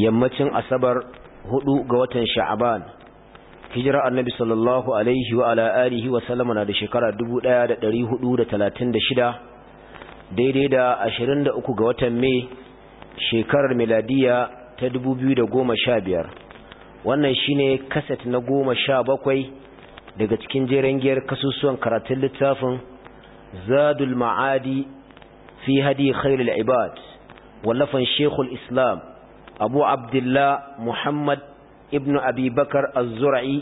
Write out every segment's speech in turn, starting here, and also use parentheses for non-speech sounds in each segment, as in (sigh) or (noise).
yammacin asabar hudu ga watan sha'aban hijira annabi sallallahu alaihi wa ala alihi wa sallama na da shekara 1436 daidai da 23 ga watan mai shekarar miladiya ta 2015 wannan shine kaset na 17 daga cikin jeren giyar kasusuwan karatun littafin zadul ma'adi fi hadi khairul ibad wallafan shekul islam abu abdullah muhammad Ibnu Abibakar az-zura'i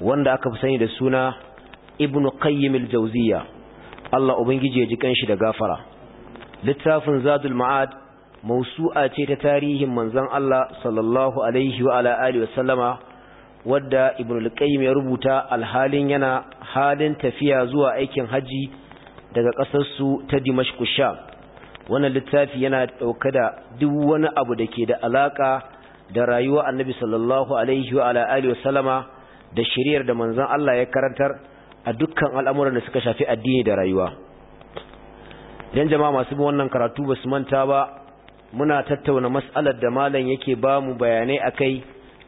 wanda aka fi sani da suna Ibnu qayyim al-jawziya Allah ubangiji ya ji kanshi da gafara littafin zadul ma'ad mausu'a ce ta tarihin manzon Allah sallallahu alaihi wa ala alihi wa sallama wadda Ibnu al-qayyim ya rubuta alhalin yana halin tafiya zuwa aikin haji daga kasar su ta dimashq sham wannan littafi yana ɗauka da duk wani abu da ke da alaƙa da rayuwa annabi sallallahu alaihi wa alihi wasallama da shiriyar da manzon Allah ya karantar a dukkan al'amuran da suka shafi addini da rayuwa dan jama'a masu bin wannan karatu ba su manta ba muna tattauna mas'alar da malam yake ba mu bayanai akai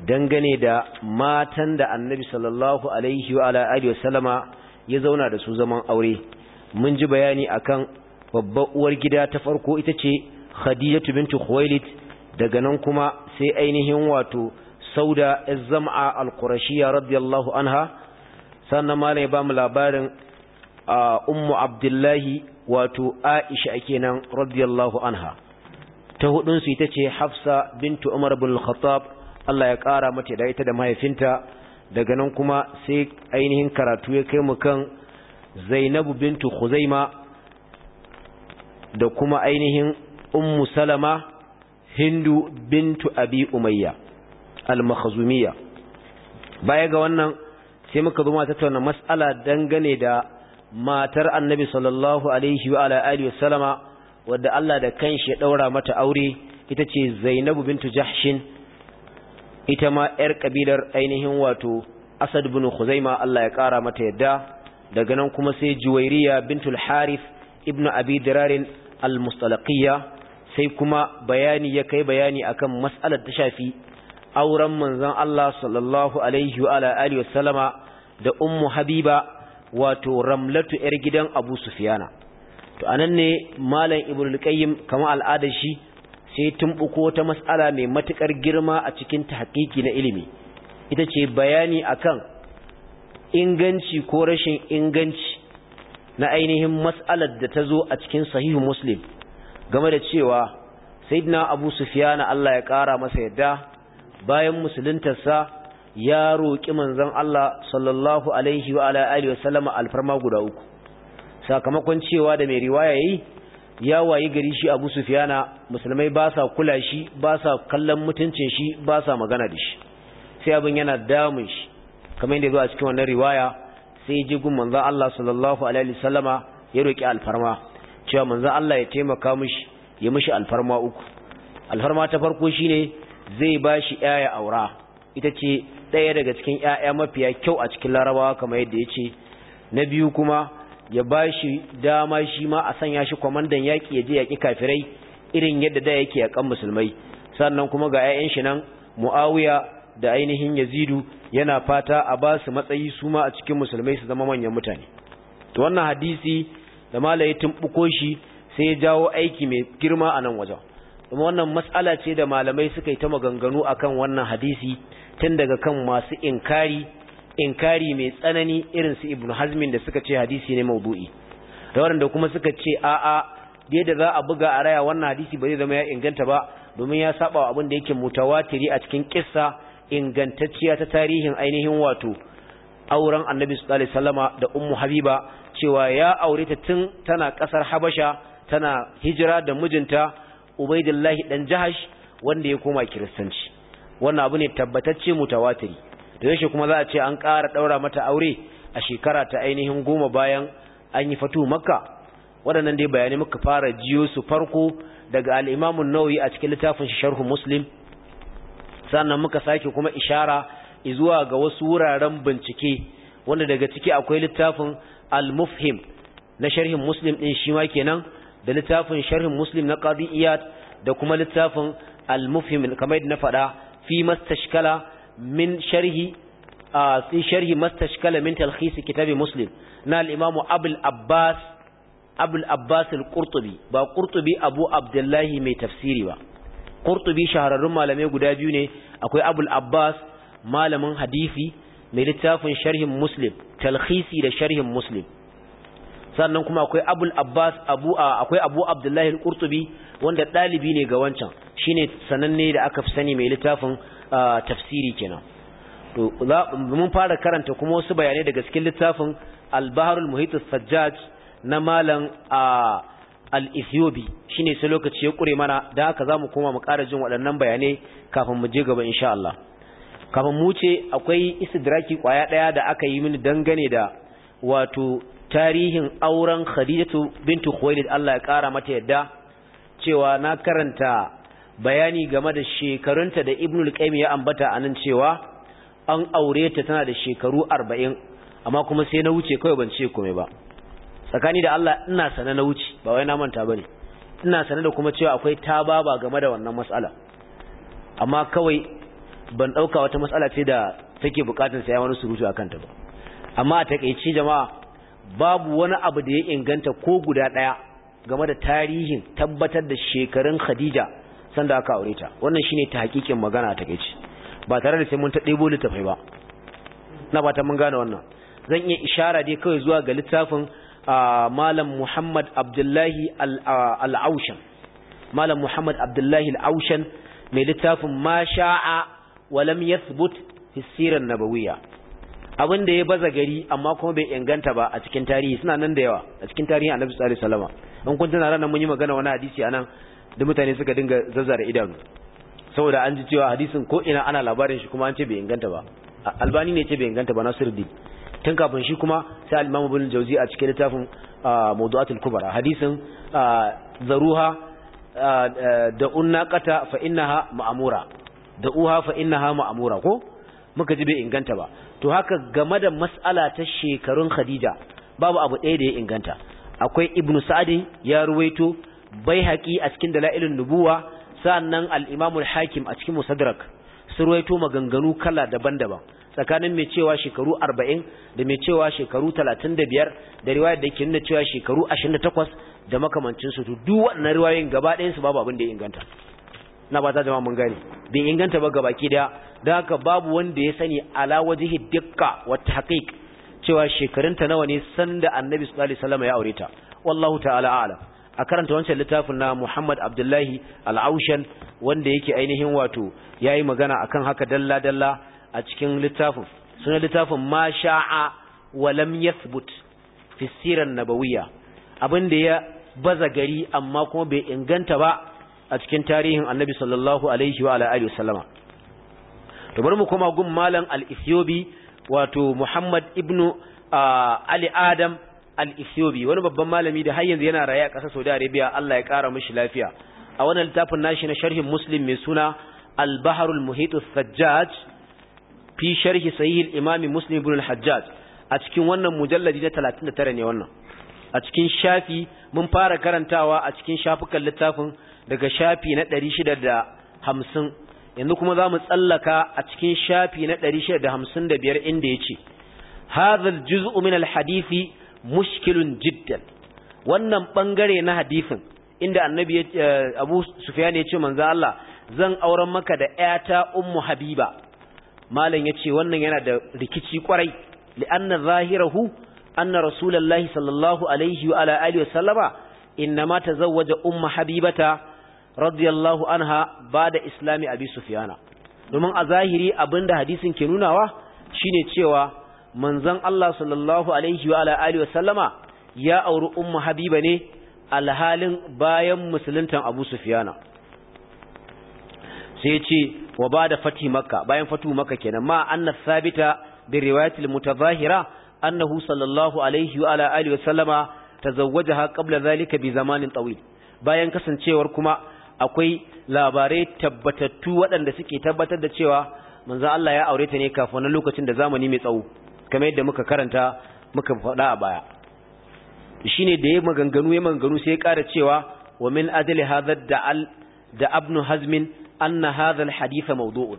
dangane da matan da annabi sallallahu alaihi wa alihi wasallama ya zauna da su zaman aure mun ji bayani akan babbar uwar gida ta farko ita ce khadijatu bintu khuwailid daga nan kuma sai ainihin wato sauda az-zam'a al-qurashiyya radiyallahu anha sannan malam ya bamu labarin ummu abdullahi wato aisha kenan radiyallahu anha ta hudun su ita ce hafsa bintu umar bin al-khattab Allah ya kara mata da ita da mahaifinta daga nan kuma sai ainihin karatu ya kai mu kan zainabu bintu khuzaima da kuma ainihin ummu salama hindu bintu abi umayya al-makhzumiyya baya ga wannan sai muka zo mata tattauna mas'ala dangane da matar annabi sallallahu alaihi wa ala alihi wasallama wadda Allah da kanshi ya daura mata aure ita ce Zainabu bintu Jahshin ita ma yar kabilar ainihin wato Asad bin Khuzaima Allah ya kara mata yadda daga nan kuma sai Juwairiya bintul Harith ibnu Abi Dirarin al-mustalaqiyya sai kuma bayani ya kai bayani akan mas'alar ta shafi auren manzon Allah sallallahu alaihi wa alihi wasallama da ummu habiba wato ramlatu yar gidan Abu Sufyana to anan ne malam Ibnu al-Qayyim kamar al'adar shi sai tumbuko ta mas'ala mai matukar girma a cikin tahqiqi na ilimi ita ce bayani akan inganci ko rashin inganci na ainihin matsalar da ta zo a cikin sahihu muslim game da cewa sayyidina abu Sufiyana Allah ya ƙara masa yadda bayan musuluntarsa ya roƙi manzon Allah sallallahu alaihi wa wasallama alfarma guda uku sakamakon cewa da mai riwaya yi ya wayi gari shi abu Sufiyana, musulmai ba sa kula shi ba sa kallon mutuncin shi ba sa magana da shi sai abin yana damun shi kamar yadda zo a cikin wannan riwaya sai ji gun manzo Allah sallallahu alaihi wasallama ya roki alfarma cewa manzo Allah ya taimaka mishi ya mishi alfarma uku alfarma ta farko shine zai bashi yaya aura ita ce ɗaya daga cikin yaya mafiya kyau a cikin larabawa kamar yadda yace na biyu kuma ya ba shi dama shi ma a sanya shi kwamandan yaki ya je yaki kafirai irin yadda da yake yaƙan musulmai sannan kuma ga 'ya'yan shi nan mu'awiya da ainihin yazidu yana fata a ba su matsayi su ma a cikin musulmai su zama manyan mutane to wannan hadisi da tun tumbuko shi sai ya jawo aiki mai girma a nan wajen kuma wannan matsala ce da malamai suka yi ta maganganu akan wannan hadisi tun daga kan masu inkari inkari mai tsanani irin su ibnu hazmin da suka ce hadisi ne maudu'i da waɗanda kuma suka ce a'a da za a buga a raya wannan hadisi ba zai zama ya inganta ba domin ya saba wa abin da yake mutawatiri a cikin kissa ingantacciya ta tarihin ainihin wato auren annabi sallallahu alaihi da ummu habiba cewa ya aure ta tun tana kasar habasha tana hijira da mijinta ubaidillahi dan jahash wanda ya koma kiristanci wannan abu ne tabbatacce mutawatiri da yashi kuma za a ce an ƙara daura mata aure a shekara ta ainihin goma bayan an yi fatu makka waɗannan dai bayanai muka fara jiyo su farko daga al-imamu nawawi a cikin littafin sharh muslim sannan muka sake kuma ishara zuwa ga wasu wuraren bincike wanda daga ciki akwai littafin al-mufhim na sharhin muslim din shi ma kenan da littafin sharhin muslim na qadi da kuma littafin al-mufhim kamar yadda na faɗa fi mastashkala min sharhi a fi sharhi mastashkala min talkhis kitab muslim na al-imam abul abbas abul abbas al-qurtubi ba qurtubi abu abdullahi mai tafsiri ba qurtubi shahararrun malamai guda biyu ne akwai abul abbas malamin hadisi mai littafin sharhin muslim talhisi da sharhin muslim sannan kuma akwai abul abbas abu akwai abu abdullahi al wanda ɗalibi ne ga wancan shine sananne da aka fi sani mai littafin tafsiri kenan to mun fara karanta kuma wasu bayanai daga cikin littafin al-bahr al-muhit sajjaj na malam a. al-Ethiopi shine sai lokaci ya kure mana da haka zamu koma mu ƙara jin waɗannan bayanai kafin mu je gaba insha Allah kafin mu ce akwai istidraki kwaya daya da aka yi mini dangane da wato tarihin auren Khadijatu bintu Khuwailid Allah ya ƙara mata yadda cewa na karanta bayani game da shekarunta da Ibn al-Qayyim ya ambata anan cewa an aure ta tana da shekaru 40 amma kuma sai na wuce kawai ban ce komai ba tsakani da Allah ina sane na wuce ba wai na manta bane ina sane da kuma cewa akwai tababa game da wannan matsala amma kawai ban dauka wata matsala ce da take bukatun sai wani surutu akan ta ba amma a takeici jama'a babu wani abu da ya inganta ko guda daya game da tarihin tabbatar da shekarun Khadija sanda aka aure ta wannan shine ta hakikin magana a takeici ba tare da sai mun ta debo litafai ba na ba ta mun gane wannan zan iya ishara dai kawai zuwa ga littafin malam Muhammad Abdullahi al-Aushan malam Muhammad Abdullahi al-Aushan mai littafin ma sha'a wa lam yathbut fi sirar nabawiyya abin da ya baza gari amma kuma bai inganta ba a cikin tarihi suna nan da yawa a cikin tarihi Annabi sallallahu alaihi wasallam in kun tana ranar mun yi magana wani hadisi anan da mutane suka dinga zazzara idanu saboda an ji cewa hadisin ko ina ana labarin shi kuma an ce bai inganta ba albani ne ce bai inganta ba nasiruddin tun kafin shi kuma sai al-Imam Ibn Jawzi a cikin littafin Mawdu'atul Kubra hadisin zaruha da unnaqata fa innaha ma'mura da uha fa innaha ma'mura ko muka ji bai inganta ba to haka game da mas'ala ta shekarun Khadija babu abu ɗaya da ya inganta akwai Ibn Sa'di ya ruwaito haƙi a cikin Dalailun Nubuwa sannan al-Imam al-Hakim a cikin Musaddarak su ruwaito maganganu kala daban-daban tsakanin mai cewa shekaru 40 da mai cewa shekaru 35 da riwayar da ke nuna cewa shekaru 28 da makamancin su duk wannan riwayoyin gaba ɗayan su babu abin da ya inganta na ba ta jama'a mun gane bai inganta ba gabaki daya da haka babu wanda ya sani ala wajhi dukka wa tahqiq cewa shekarunta nawa ne sanda annabi sallallahu alaihi wasallam ya aure ta wallahu ta'ala a'lam a karanta wancan littafin na Muhammad Abdullahi Al-Aushan wanda yake ainihin wato yayi magana akan haka dalla dalla a cikin littafin sunan littafin ma sha'a wa lam yathbut fi nabawiyya abin da ya baza gari amma kuma bai inganta ba a cikin tarihin Annabi sallallahu alaihi wa alihi wasallama to bari mu koma gun malam al ethiopia wato Muhammad ibnu ah, Ali Adam al-Ethiopi wani babban malami da har yanzu yana raye a ƙasar Saudi Arabia Allah ya ƙara mishi lafiya a wannan littafin nashi na sharhin Muslim mai suna al baharul al-Muhit sajjaj fi sharhi sahih al-Imam Muslim ibn al-Hajjaj a cikin wannan mujalladi na 39 ne wannan a cikin shafi mun fara karantawa a cikin shafukan littafin daga shafi na 650 yanzu kuma za mu tsallaka a cikin shafi na 655 inda ya ce hadha al-juz'u min al-hadithi mushkilun jiddan wannan bangare na hadisin inda annabi eh, Abu Sufyan ya ce manzo Allah zan auren maka da ƴata ummu Habiba malam ya ce wannan yana da rikici kwarai li'anna zahirahu anna rasulullahi sallallahu alaihi wa ala alihi wasallama innama tazawwaja ummu Habibata radiyallahu anha bada islami Abi Sufyana domin a zahiri abinda hadisin ke nunawa shine cewa manzon Allah sallallahu alaihi wa alihi wa ya auri ummu habiba ne alhalin bayan musuluntan abu sufyana sai ya ce wa ba da fati makka bayan fatu makka kenan ma anna sabita bi riwayatil mutazahira annahu sallallahu alaihi wa ala alihi wa tazawwajaha qabla zalika bi zamanin tawil bayan kasancewar kuma akwai labarai tabbatattu waɗanda suke tabbatar da cewa manzo Allah ya aure ta ne kafin lokacin da zamani mai tsawo kamar yadda muka karanta muka faɗa a baya shine da ya maganganu ya maganganu sai ya ƙara cewa wa min adali hazar da abnu hazmin an na hazar haditha maudu'un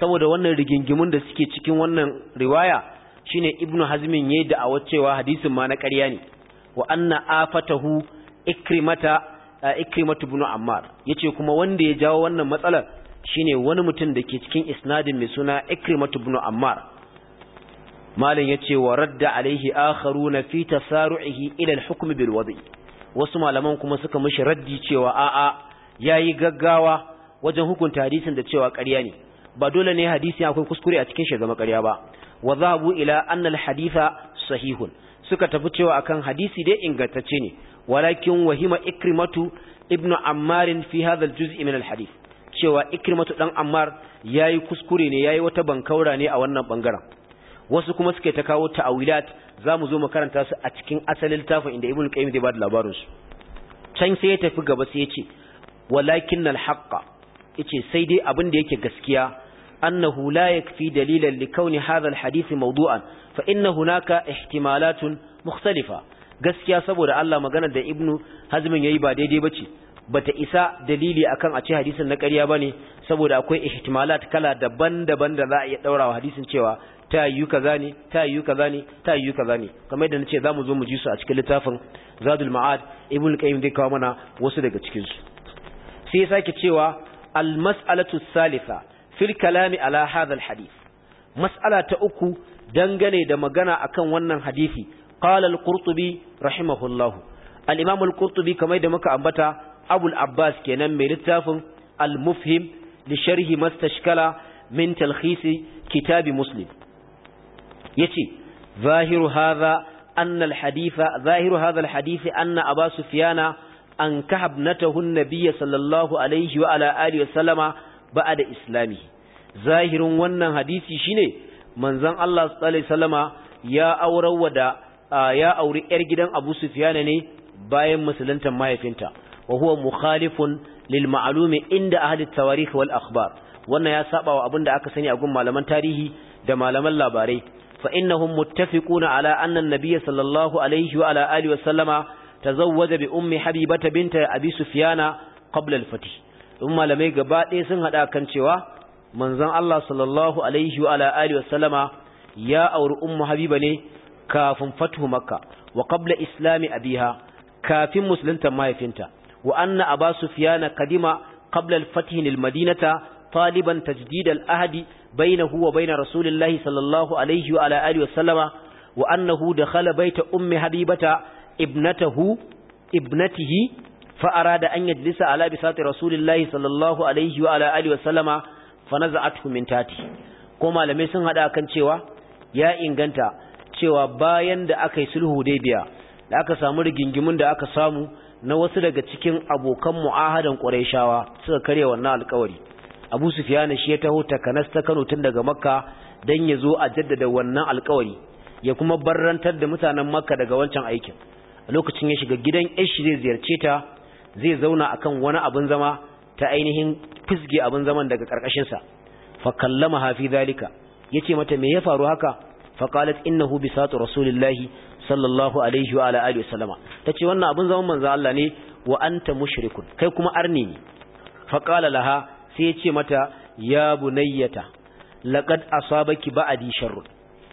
saboda wannan rigingimun da suke cikin wannan riwaya shine hazmin ya yi da'awar cewa hadisin ma na ƙarya ne wa an anna afatahu ikrimata ikrimatu bunu ammar ya ce kuma wanda ya jawo wannan matsalar shine wani mutum da ke cikin isnadin mai suna ikrimatu bunu ammar malin yace wa radda alaihi akharuna fi tasaruhi ila al-hukm bil wadi wasu malaman kuma suka mishi raddi cewa a'a yayi gaggawa wajen hukunta hadisin da cewa ƙarya ne ba dole ne hadisin akwai kuskure a cikin shi zama ƙarya ba wa zahabu ila anna al-haditha sahihun suka tafi cewa akan hadisi dai ingantacce ne walakin wahima ikrimatu ibnu ammarin fi hadha al-juz'i min al-hadith cewa ikrimatu dan ammar yayi kuskure ne yayi wata bankaura ne a wannan bangaren wasu kuma suke ta kawo ta'awilat zamu zo mu karanta su a cikin asalin littafin inda ibnu qayyim zai ba da labarin su can sai ya tafi gaba sai ya ce walakinnal haqqa yace sai dai abin da yake gaskiya أنه dalilan يكفي دليلا لكون هذا الحديث موضوعا فإن هناك احتمالات مختلفة gaskiya saboda Allah magana da Ibn Hazmin yayi ba daidai bace bata isa dalili akan a ce hadisin na ƙarya ne saboda akwai ihtimalat kala daban-daban da za a iya ɗaurawa wa hadisin cewa ta yiwu kaza ne ta yiwu kaza ne ta yiwu kaza ne kamar yadda nace zamu zo mu ji su a cikin littafin Zadul Ma'ad Ibn Qayyim dai kawo mana wasu daga cikin su sai ya sake cewa al mas'alatu salisa fil kalami ala hadha al hadith mas'ala ta uku dangane da magana akan wannan hadisi qala al qurtubi rahimahullahu al imam al qurtubi kamar da muka ambata abul abbas kenan mai littafin al-mufhim li sharhi mastashkala min talhisi kitabi muslim ce zahiru hadha anna al-haditha zahiru hadha al-hadith anna aba an ka ibnatahu an-nabiy sallallahu alaihi wa ala alihi wa islami zahirin wannan hadisi shine manzon Allah sallallahu alaihi wasallama ya da ya auri yar gidan Abu Sufiyana ne bayan musuluntan mahaifinta Wahuwa huwa mukhalifun lil ma'lumi inda ahli tawarikh wal akhbar wannan ya saba wa abinda aka sani a gun malaman tarihi da malaman labarai fa innahum muttafiquna ala anna an-nabiy sallallahu alaihi wa ala alihi wa sallama tazawwaja bi ummi habibata binta abi sufyana qabla al-fath in malamai gaba ɗaya sun haɗa kan cewa manzon Allah sallallahu alaihi wa ala alihi wa sallama ya auri Umma habiba ne kafin fathu makka wa qabla islami abiha kafin musulunta mahaifinta wa anna aba sufyan kadima qabla al-fath madinata taliban tajdid Ahadi, ahd bainahu wa bain sallallahu alayhi wa ala wa sallama wa annahu da bayta ummi habibata ibnatahu ibnatihi fa arada an yajlisa ala bisati rasulillahi sallallahu alayhi wa sallama fa naza'athu min ko malamai sun hada kan cewa ya inganta cewa bayan da aka yi sulhu biya, da aka samu rigingimun da aka samu na wasu daga cikin abokan mu'ahadan Qurayshawa suka karya wannan alƙawari Abu Sufyan shi ya taho takanas ta Kano tun daga Makka dan ya zo a jaddada wannan alƙawari ya kuma barrantar da mutanen Makka daga wancan aikin a lokacin ya shiga gidan Aisha zai ziyarce ta zai zauna akan wani abin zama ta ainihin fisge abin zaman daga karkashin sa fa kallama hafi zalika yace mata me ya faru haka fa qalat innahu bisatu rasulillahi sallallahu alaihi wa alihi wasallama tace wannan abun zaman manzo Allah ne wa anta mushrikun kai kuma arni ne fa qala laha sai yace mata ya bunayyata laqad asabaki ba'di sharrun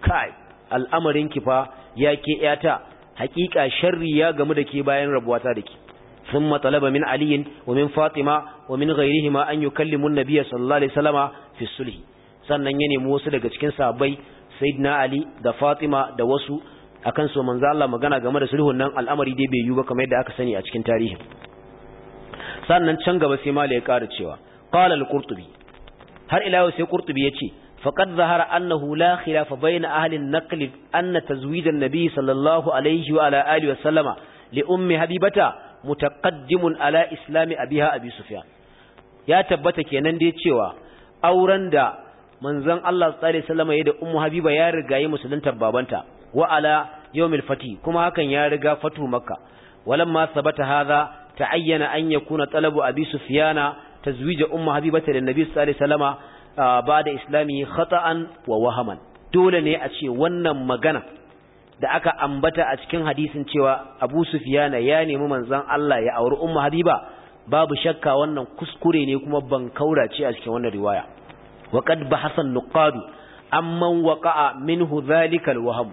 kai al'amarin fa yake yata hakika sharri ya gamu da ke bayan rabuwata da ke ثم طلب من علي ومن فاطمة ومن غيرهما أن يكلموا النبي صلى الله عليه وسلم في الصلح sannan ya nemi wasu daga cikin sahabbai sayyidina ali da fatima da wasu akan so manzo Allah magana game da sulhun nan al'amari dai bai yiwu ba kamar yadda aka sani a cikin tarihi sannan can gaba sai mala ya ƙara cewa qala al-qurtubi har ila yau sai qurtubi yace faqad zahara annahu la khilafa bayna ahli an-naql anna tazwij an-nabi sallallahu alayhi wa ala alihi wa sallama li ummi habibata mutaqaddimun ala islami abiha abi sufyan ya tabbata kenan dai cewa auren da manzon Allah sallallahu alaihi wa ya da ummu habiba ya rigayi musulunta babanta Wa'ala yau yawmil fati kuma hakan ya riga fatu makka bata sabata ta ayyana an yakuna talabu abi sufyana tazwij ummu habibata lin nabi sallallahu alaihi wasallama ah, ba'da islami khata'an wa wahaman dole ne a ce wannan magana da aka ambata a cikin hadisin cewa Abu Sufyana ya nemi manzon Allah ya auri Umma Habiba babu shakka wannan kuskure ne kuma ban kaurace a cikin wannan riwaya waqad bahasan nuqad amman waƙa'a minhu zalikal waham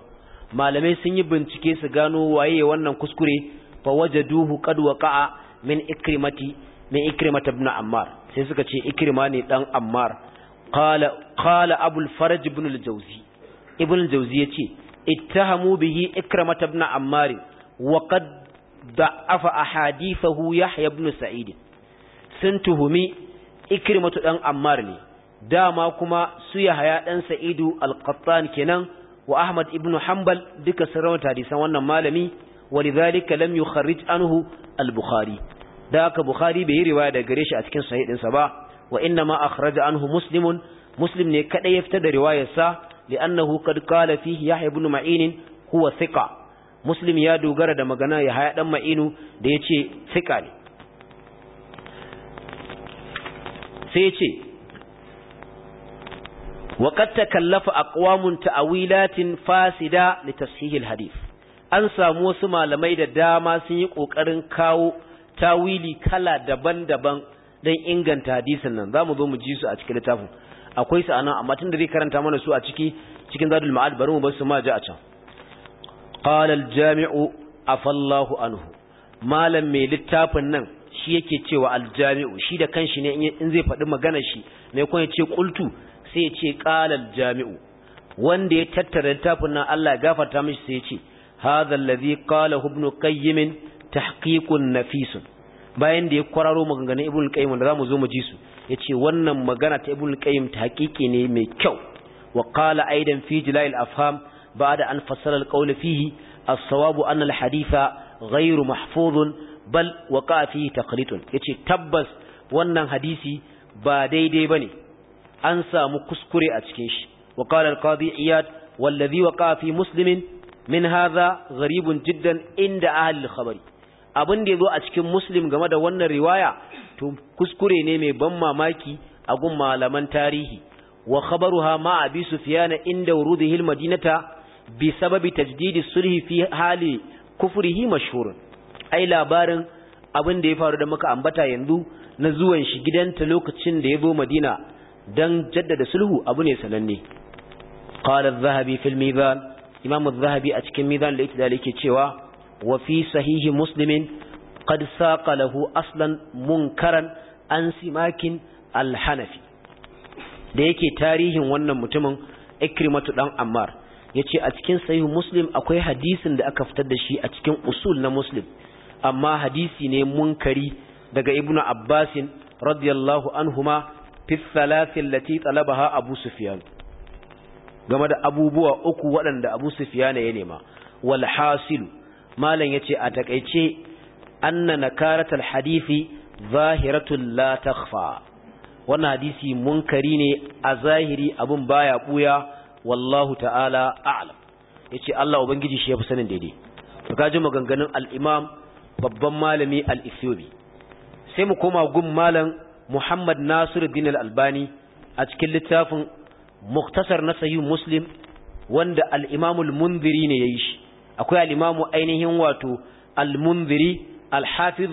malamai sun yi bincike su gano waye wannan kuskure fa wajaduhu qad waqa'a min ikrimati min ikrimata ibn ammar sai suka ce ikrima ne dan ammar qala qala abul faraj ibn al-jawzi ibn al-jawzi yace ittahamu bihi ikrimata ibn ammar wa qad da'afa ahadithahu yahya ibn sa'id sun tuhumi ikrimatu dan ammar ne dama kuma su yahya dan sa'idu al-qattan kenan wa Ahmad ibn Hanbal duka sun rawata hadisan wannan malami walidhalika lam yukharrij anhu al-Bukhari da haka Bukhari bai yi riwaya da gare shi a cikin sahih ɗinsa ba wa inna ma akhraja anhu muslimun muslim ne kada ya fitar da riwayar sa li'annahu qad qala fihi Yahya ibn Ma'in huwa thiqa muslim ya dogara da magana Yahya dan Ma'inu da yace thiqa ne sai ce. wa qad takallafa aqwamun ta'wilatin fasida li tashihil hadith an samu wasu malamai da dama sun yi kokarin kawo tawili kala daban-daban don inganta hadisin nan zamu zo mu ji su a cikin littafin akwai su anan amma tunda zai karanta mana su a ciki cikin zadul ma'ad bari mu bar su ma ji a can qala al jami'u afallahu anhu malam mai littafin nan shi yake cewa al jami'u shi da kanshi ne in zai faɗi magana shi ne kuma ya ce qultu sai ya ce qalal jami'u wanda ya tattara littafin nan Allah ya gafarta mishi sai ya ce hadha alladhi qala ibn qayyim tahqiqun bayan da ya kwararo maganganun ibn qayyim da zamu zo mu ji su yace wannan magana ta ibn qayyim tahqiqi ne mai kyau wa qala aidan fi afham afham ba'da an fassara al-qawl fihi as-sawabu anna al-haditha ghayru mahfuzun bal waqa fihi taqlitun yace tabbas wannan hadisi ba daidai bane an samu kuskure a cikin shi wa qala al-qadi iyad wallazi waqa fi muslimin min hadha gharibun jiddan inda ahli al-khabari abin da yazo a cikin muslim game da wannan riwaya to kuskure ne mai ban mamaki a gun malaman tarihi wa khabaruha ma abi sufyan inda wurudihi al-madinata bi sababi tajdidi sulhi fi hali kufrihi mashhurun ai labarin abin da ya faru da muka ambata yanzu na zuwan shi gidanta lokacin da ya zo Madina dan jaddada sulhu abu ne sananne qala adh-dhahabi fil mizan imam adh-dhahabi a cikin mizan da yake yake cewa wa fi sahihi muslimin qad saqa lahu aslan munkaran an simakin al-hanafi da yake tarihin wannan mutumin ikrimatu dan ammar yace a cikin sahihu muslim akwai hadisin da aka fitar da shi a cikin usul na muslim amma hadisi ne munkari daga ibnu abbasin radiyallahu anhuma fi thalathin lati talabaha abu sufyan game da abubuwa uku waɗanda abu sufyan ya nema wal hasil malam yace a takeice anna nakaratul hadisi zahiratun la takhfa wannan hadisi munkari ne a zahiri abun baya buya wallahu ta'ala a'lam yace Allah ubangiji shi ya fi sanin daidai to kaji maganganun al-imam babban malami al-ithiobi sai mu koma gun malam Muhammad Nasiruddin Al-Albani a cikin littafin Muktasar na Sahih Muslim wanda al-Imam al-Mundhiri ne yayi shi akwai al-Imam ainihin wato al-Mundhiri al-Hafiz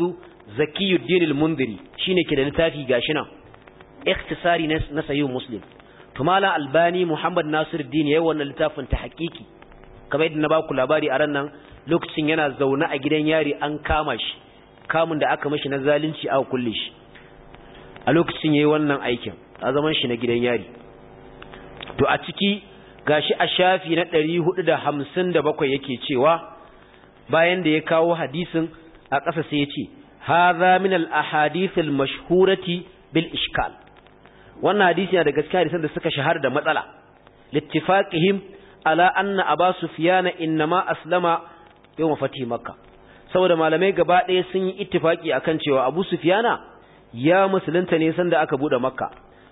Zakiyuddin al-Mundhiri shine ke da littafi gashi nan ikhtisari na Sahih Muslim to Albani Muhammad Nasiruddin yayi wannan littafin ta hakiki kamar yadda na ba ku labari a ran nan lokacin yana zaune a gidan yari an kama shi kamun da aka mashi na zalunci aka kulle shi a lokacin yayi wannan aikin a zaman shi na gidan yari to a ciki gashi a shafi na 457 yake cewa bayan da ya kawo hadisin a ƙasa sai ya ce hadha min al ahadith al mashhurati bil ishkal wannan hadisi yana da gaskiya hadisan da suka shahara da matsala littifaqihim ala anna aba sufyana inma aslama yawm fatih makkah saboda malamai gaba ɗaya sun yi ittifaki akan cewa abu sufyana ya musulunta ne sanda aka bude makka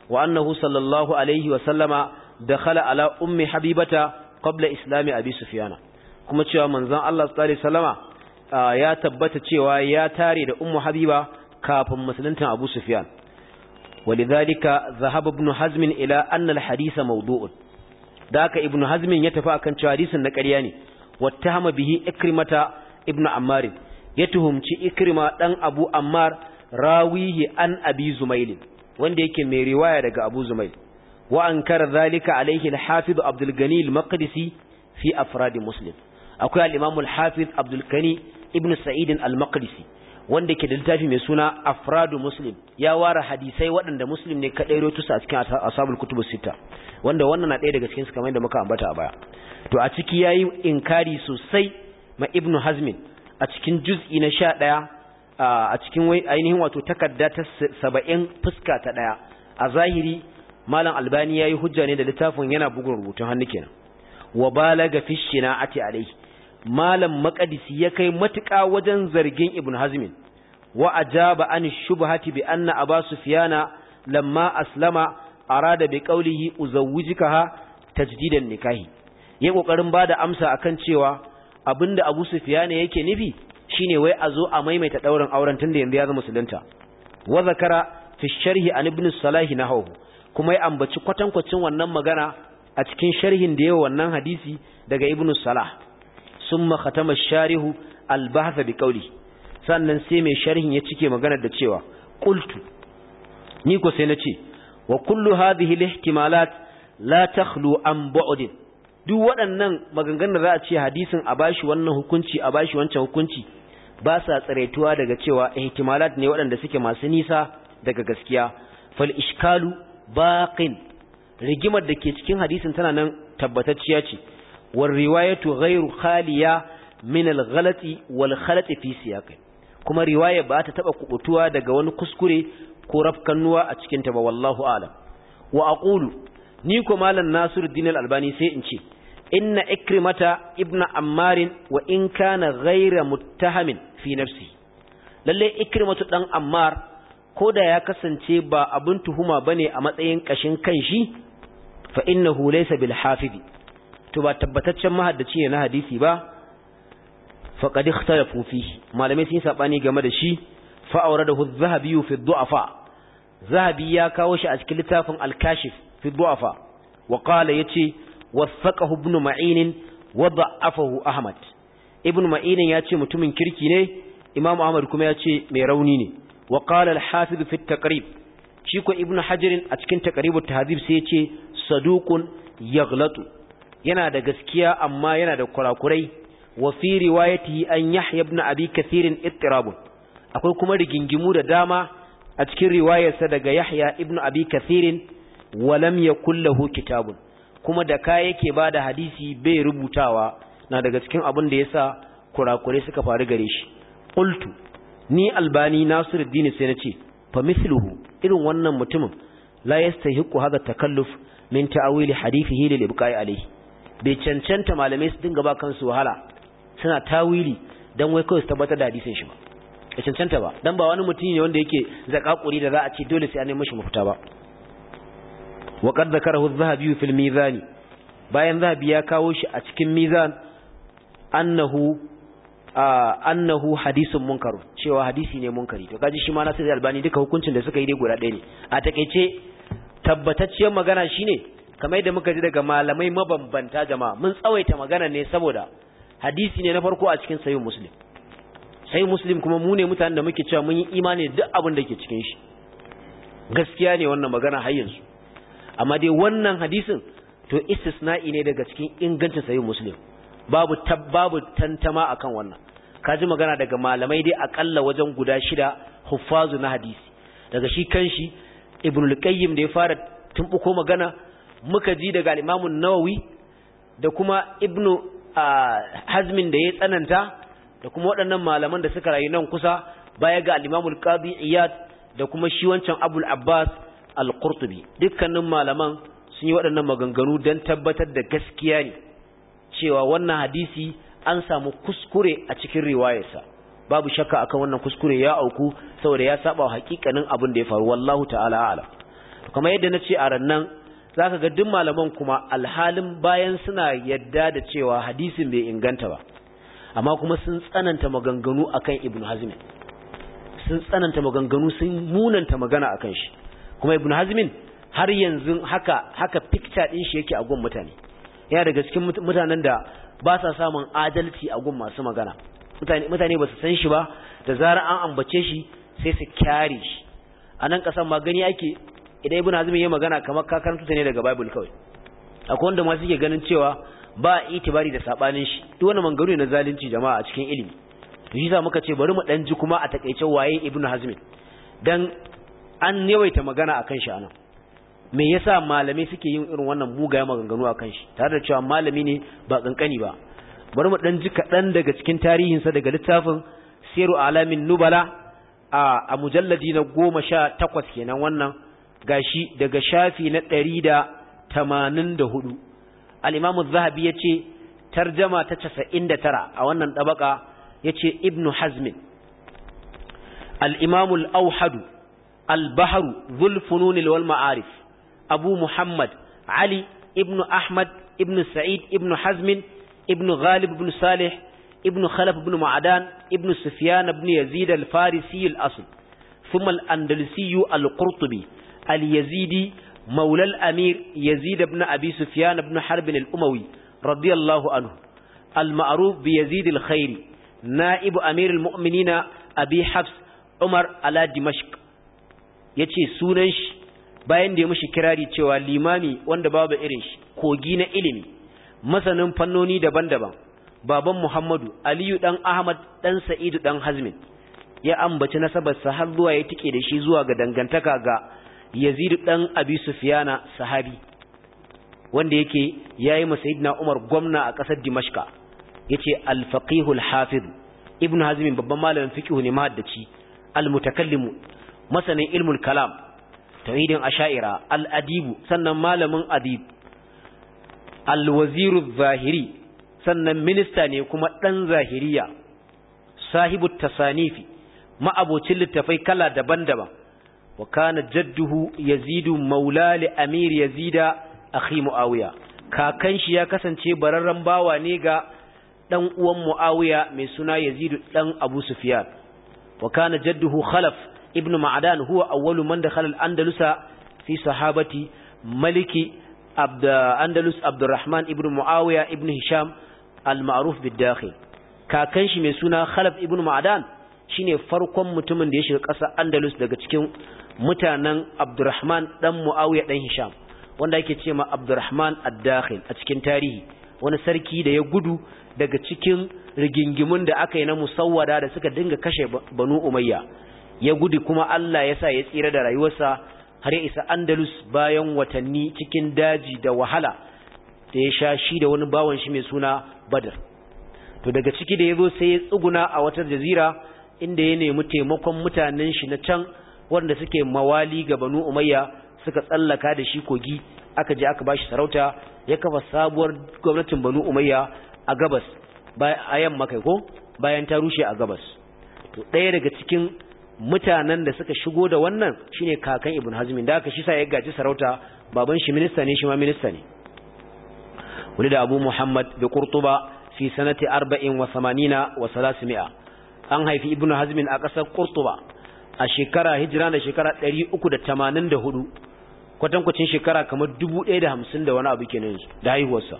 wa annahu sallallahu alaihi wa sallama dakhala ala ummi habibata qabla islami abi sufyana kuma cewa manzon Allah sallallahu alaihi ya tabbata cewa ya tare da ummu habiba kafin musuluntan abu sufyan walidhalika dhahaba ibn hazm ila anna al-hadith mawdu'un daka ibn hazm ya tafi akan cewa hadisin na ƙarya ne wattahama bihi ikrimata ibn ammar ya tuhumci ikrima dan abu ammar rawihi an abi zumail wanda yake mai riwaya daga abu zumail wa ankara zalika alaihi al-hafiz abdul gani al fi afrad muslim akwai al-imam abdul gani ibn sa'id al wanda ke da littafi mai suna afradu muslim ya ware hadisai waɗanda muslim ne kaɗai rotu a cikin asabul kutubu sita wanda wannan na ɗaya daga cikin su kamar yadda muka ambata a baya to a ciki yayi inkari sosai ma ibnu hazmin a cikin juz'i na sha ɗaya a cikin ainihin wato takarda ta saba'in fuska ta ɗaya a zahiri malam albani ya yi hujja ne da littafin yana bugun rubutun hannu kenan wa balaga Fishina Ati alayhi malam maqdisi ya kai matuƙa wajen zargin ibn hazmin wa ajaba an shubhati bi anna aba sufyana lamma aslama arada bi qawlihi ha tajdidan nikahi ya kokarin bada amsa akan cewa abinda abu sufyana yake nufi shine wai a zo a maimaita daurin auren tunda yanzu ya zama musulunta wa zakara fi sharhi an ibn salah nahu kuma ya ambaci kwatankwacin wannan magana a cikin sharhin da yawa wannan hadisi daga ibn salah summa khatama sharihu al-bahth bi qawli sannan sai mai sharhin ya cike magana da cewa qultu ni ko sai nace wa kullu hadhihi al-ihtimalat la takhlu an bu'd duk waɗannan maganganun za a ce hadisin a bashi wannan hukunci a bashi wancan hukunci ba sa tsaraituwa daga cewa ihtimalat ne waɗanda suke masu nisa daga gaskiya fal ishkalu baqin rigimar da ke cikin hadisin tana nan tabbatacciya ce war riwayatu ghairu khaliya min al ghalati wal khalati fi siyaqi kuma riwaya ba ta taba kubutuwa daga wani kuskure ko rafkannuwa a cikin ta ba wallahu a'lam wa aqulu ni ko malam nasiruddin al albani sai in ce inna ikrimata ibna ammarin wa in kana ghaira muttahamin fi nafsi lalle ikrimatu dan ammar ko da ya kasance ba abin tuhuma bane a matsayin kashin kanshi fa innahu laysa bil hafizi to ba tabbataccen mahaddaci ne na hadisi ba faqad ikhtalafu fihi malamai sun sabani game da shi fa awradahu adh-dhahabi fi ad-du'afa zahabi ya kawo shi a cikin littafin al-kashif fi ad-du'afa wa qala yace wathaqahu ibn Ma'inin, wa da'afahu ahmad ibn Ma'inin ya ce mutumin kirki ne imam ahmad kuma ya ce mai rauni ne wa qala al-hafiz fi at-taqrib shi ko ibn Hajarin a cikin taqrib at-tahdhib sai yace ce saduqun yaghlatu yana da gaskiya amma yana da kurakurai wa fi riwayatihi an yahya ibn abi kathir ittirabun akwai kuma rigingimu da dama a cikin riwayarsa daga yahya ibn abi kathir wa lam yakul lahu kitabun kuma da ka yake ba da hadisi bai rubutawa na daga cikin abin da ya sa kurakure suka faru gare shi ƙultu ni albani nasiruddin sai na ce fa mithluhu irin wannan mutumin la yastahiqu hadha takalluf min ta'wili hadithihi lil ibqa'i alayhi bai cancanta malamai su dinga ba kansu wahala suna tawili dan wai kawai su tabbatar da hadisin shi ba cancanta ba dan ba wani mutum ne wanda yake zakakuri da za a ce dole sai an nemi shi mafita ba wa qad dhakarahu adh-dhahabi fil mizan bayan zahabi ya kawo shi a cikin mizan annahu annahu hadisun munkaru cewa hadisi ne munkari to kaji shi ma Nasir Albani duka hukuncin da suka yi dai guda ɗaya ne a takeice tabbatacciyar magana shine kamar yadda muka ji daga malamai mabambanta jama'a mun tsawaita magana ne saboda hadisi ne na farko a cikin sayin muslim sayin muslim kuma mu ne mutanen da muke cewa mun yi imani duk abin da ke cikin shi gaskiya ne wannan magana har yanzu amma dai wannan hadisin to istisna'i ne daga cikin ingancin sahih muslim babu babu tantama akan wannan kaji magana daga malamai dai akalla wajen guda shida huffazu na hadisi daga shi kanshi ibn al-qayyim da ya fara tumbuko magana muka ji daga al-imam an-nawawi da kuma ibn hazmin da ya tsananta da kuma waɗannan malaman da suka rayu nan kusa baya ga al-imam al-qadi iyad da kuma shi wancan abul abbas al-qurtubi dukkanin malaman sun yi waɗannan maganganu don tabbatar da gaskiya ne cewa wannan hadisi an samu kuskure a cikin riwayarsa babu shakka akan wannan kuskure ya auku saboda ya saba hakikanin abin da ya faru wallahu ta'ala ala kamar yadda na ce a rannan zaka ga duk malaman kuma alhalin bayan suna yadda da cewa hadisin bai inganta ba amma kuma sun tsananta maganganu akan ibnu hazm sun tsananta maganganu sun munanta magana akan shi kuma ibn hazmin har yanzu haka haka picture din shi yake a gun mutane yana daga cikin mutanen da ba sa samun adalci a gun masu magana mutane mutane ba su san shi ba da zara an ambace shi sai su kyare shi a nan kasan ma gani ake idan ibn hazmin ya magana kamar ka karanta ne daga bible kawai akwai wanda ma suke ganin cewa ba itibari da sabanin shi duk wani mangaro na zalunci jama'a a cikin ilimi to shi muka ce bari mu dan ji kuma a takeice waye ibn hazmin dan an yawaita magana akan shi anan me yasa malamai suke yin irin wannan mugayen maganganu akan shi tare da cewa malami ne ba kankani ba bari mu dan ji kaɗan daga cikin tarihin sa daga littafin siru alamin nubala a mujalladi na goma sha takwas kenan wannan gashi daga shafi na ɗari da tamanin da hudu al'imamu zahabi ya ce tarjama ta casa'in da tara a wannan ɗabaka ya ce ibnu hazmin Al'imamul auhadu البحر ذو الفنون والمعارف أبو محمد علي ابن أحمد ابن سعيد ابن حزم ابن غالب ابن صالح ابن خلف بن معدان ابن سفيان بن يزيد الفارسي الأصل ثم الأندلسي القرطبي اليزيدي مولى الأمير يزيد بن أبي سفيان بن حرب الأموي رضي الله عنه المعروف بيزيد الخير نائب أمير المؤمنين أبي حفص عمر على دمشق ya ce sunan shi bayan da ya mushi kirari cewa limami wanda babu irin shi kogi na ilimi masanin fannoni daban-daban baban muhammadu aliyu dan ahmad dan sa'idu dan hazmin ya ambaci sa har zuwa ya tike da shi zuwa ga dangantaka ga yazidu dan abi sufyana sahabi wanda yake yayi ma sayyidina umar gwamna a kasar dimashka yace al-faqihul hafiz ibn hazmin babban malamin fiqh ne mahaddaci al-mutakallimu masanin ilmul kalam tauhidin asha'ira al-adibu sannan malamin adib al-waziru zahiri sannan minista ne kuma dan zahiriya sahibu tasanifi ma'abocin littafai kala daban-daban wa kana jadduhu yazidu maula li amir yazida akhi muawiya kakan shi ya kasance bararren bawa ne ga dan uwan muawiya mai suna yazidu dan abu sufyan wa kana jadduhu khalaf ibn ma'adan huwa awwalu man dakhala al-andalusa fi sahabati maliki abd andalus abdurrahman ibn muawiya ibn hisham al-ma'ruf bid-dakhil kakan shi mai suna khalaf ibn ma'adan shine farkon mutumin da ya shiga ƙasar andalus daga cikin mutanen abdurrahman dan muawiya dan hisham wanda ake ce ma abdurrahman ad-dakhil a cikin tarihi wani sarki da ya gudu daga cikin rigingimun da aka yi na musawwada da suka dinga kashe banu umayya ya gudu kuma Allah ya sa ya tsira da rayuwarsa har ya isa Andalus bayan watanni cikin daji da wahala da ya sha shi da wani bawan shi mai suna Badr to daga ciki da yazo sai ya tsuguna a wata jazira inda ya nemi taimakon mutanen shi na can wanda suke mawali ga Banu Umayya suka tsallaka da shi kogi aka je aka bashi sarauta ya kafa sabuwar gwamnatin Banu Umayya a gabas bayan a yamma kai ko bayan ta rushe a gabas to ɗaya daga cikin mutanen da suka shigo da wannan shine kakan ibn hazmin da aka shi sa ya gaji sarauta baban shi minista ne shi ma minista ne wani da abu muhammad da kurtuba fi sanati arba'in wa samanina wa mi'a an haifi ibn hazmin a ƙasar kurtuba a shekara hijira da shekara ɗari uku da tamanin da hudu kwatankwacin shekara kamar dubu ɗaya da hamsin da wani abu kenan da haihuwarsa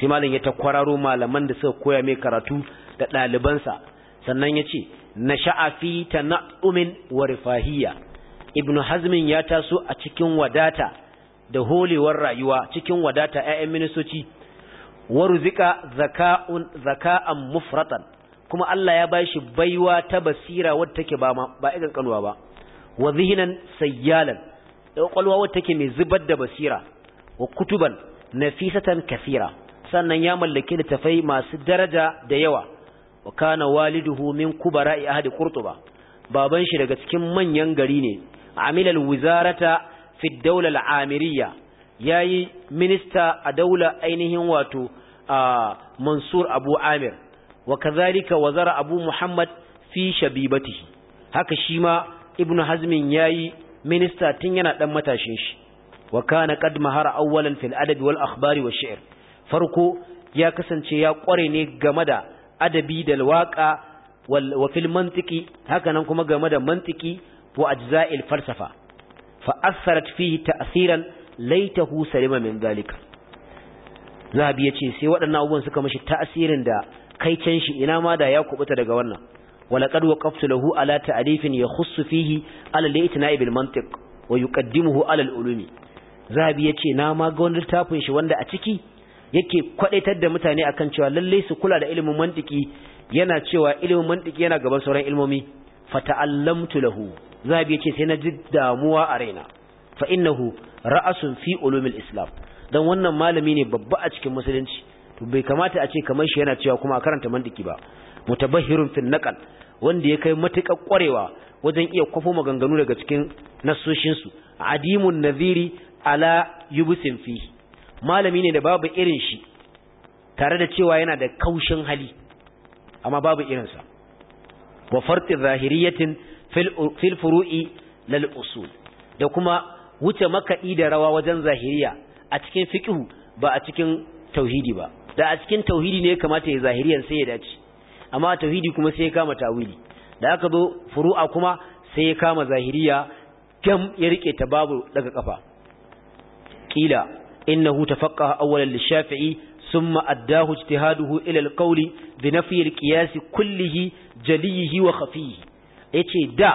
sai malam ya ta kwararo malaman da suka koya mai karatu da ɗalibansa sannan ya ce nasha'a fi tana'umin wa rifahiyya ibnu hazmin ya taso a cikin wadata da holewar rayuwa cikin wadata ƴaƴan ministoci wa ruzika zaka'un zaka'an mufratan kuma Allah ya bashi baiwa ta basira wadda take ba ba irin kanwa ba wa zihnan sayyalan da kwakwalwa wadda take mai zubar da basira wa kutuban nafisatan kasira sannan ya mallaki littafai masu daraja da yawa wa kana waliduhu min kubara'i ahli qurtuba baban shi daga cikin manyan gari ne amilal wizarata fi dawla al-amiriyya yayi minista a daula ainihin wato mansur abu amir wa kazalika wazara abu muhammad fi shabibatihi haka shi ma ibnu hazmin yayi minista tun yana dan matashin shi wa kana qad mahara awwalan fil adab wal akhbari wash shi'r farko ya kasance ya kware ne game da adabi da waƙa wa fil mantiki haka nan kuma game da mantiki wa ajza'il falsafa fa assarat fihi ta'siran laitahu salima min zalika zahabi yace sai waɗannan abubuwan suka mishi ta'sirin da kai shi ina ma da ya kubuta daga wannan ولقد وقفت له على تعريف يخص فيه على الاعتناء بالمنطق ويقدمه على ulumi. zahabi yace na ma ga wani littafin shi wanda a ciki yake kwadaitar da mutane akan cewa lalle su kula da ilimin mantiki yana cewa ilimin mantiki yana gaban sauran ilmomi fata'allamtu lahu zabi yace sai na ji damuwa a raina fa innahu ra'asun fi ulumil islam dan wannan malami ne babba a cikin musulunci to bai kamata a ce kamar shi yana cewa kuma a karanta mantiki ba mutabahhirun fil naqal wanda ya kai matukar kwarewa wajen iya kwafo maganganu daga cikin nassoshin su adimun nadhiri ala yubsin fihi malami ne da babu irin shi tare da cewa yana da kaushin hali amma babu irinsa wa farti zahiriyatin fil furu'i lal usul da kuma wuce makaɗi da rawa wajen zahiriya a cikin fiqh ba a cikin tauhidi ba da a cikin tauhidi ne kamata ya zahiriyan sai ya dace amma tauhidi kuma sai ya kama tawili da aka zo furu'a kuma sai ya kama zahiriya gam ya rike ta babu daga kafa kila إنه تفقه أولا للشافعي ثم أداه اجتهاده إلى القول ƙiyasi kullihi, كله جليه وخفيه yace da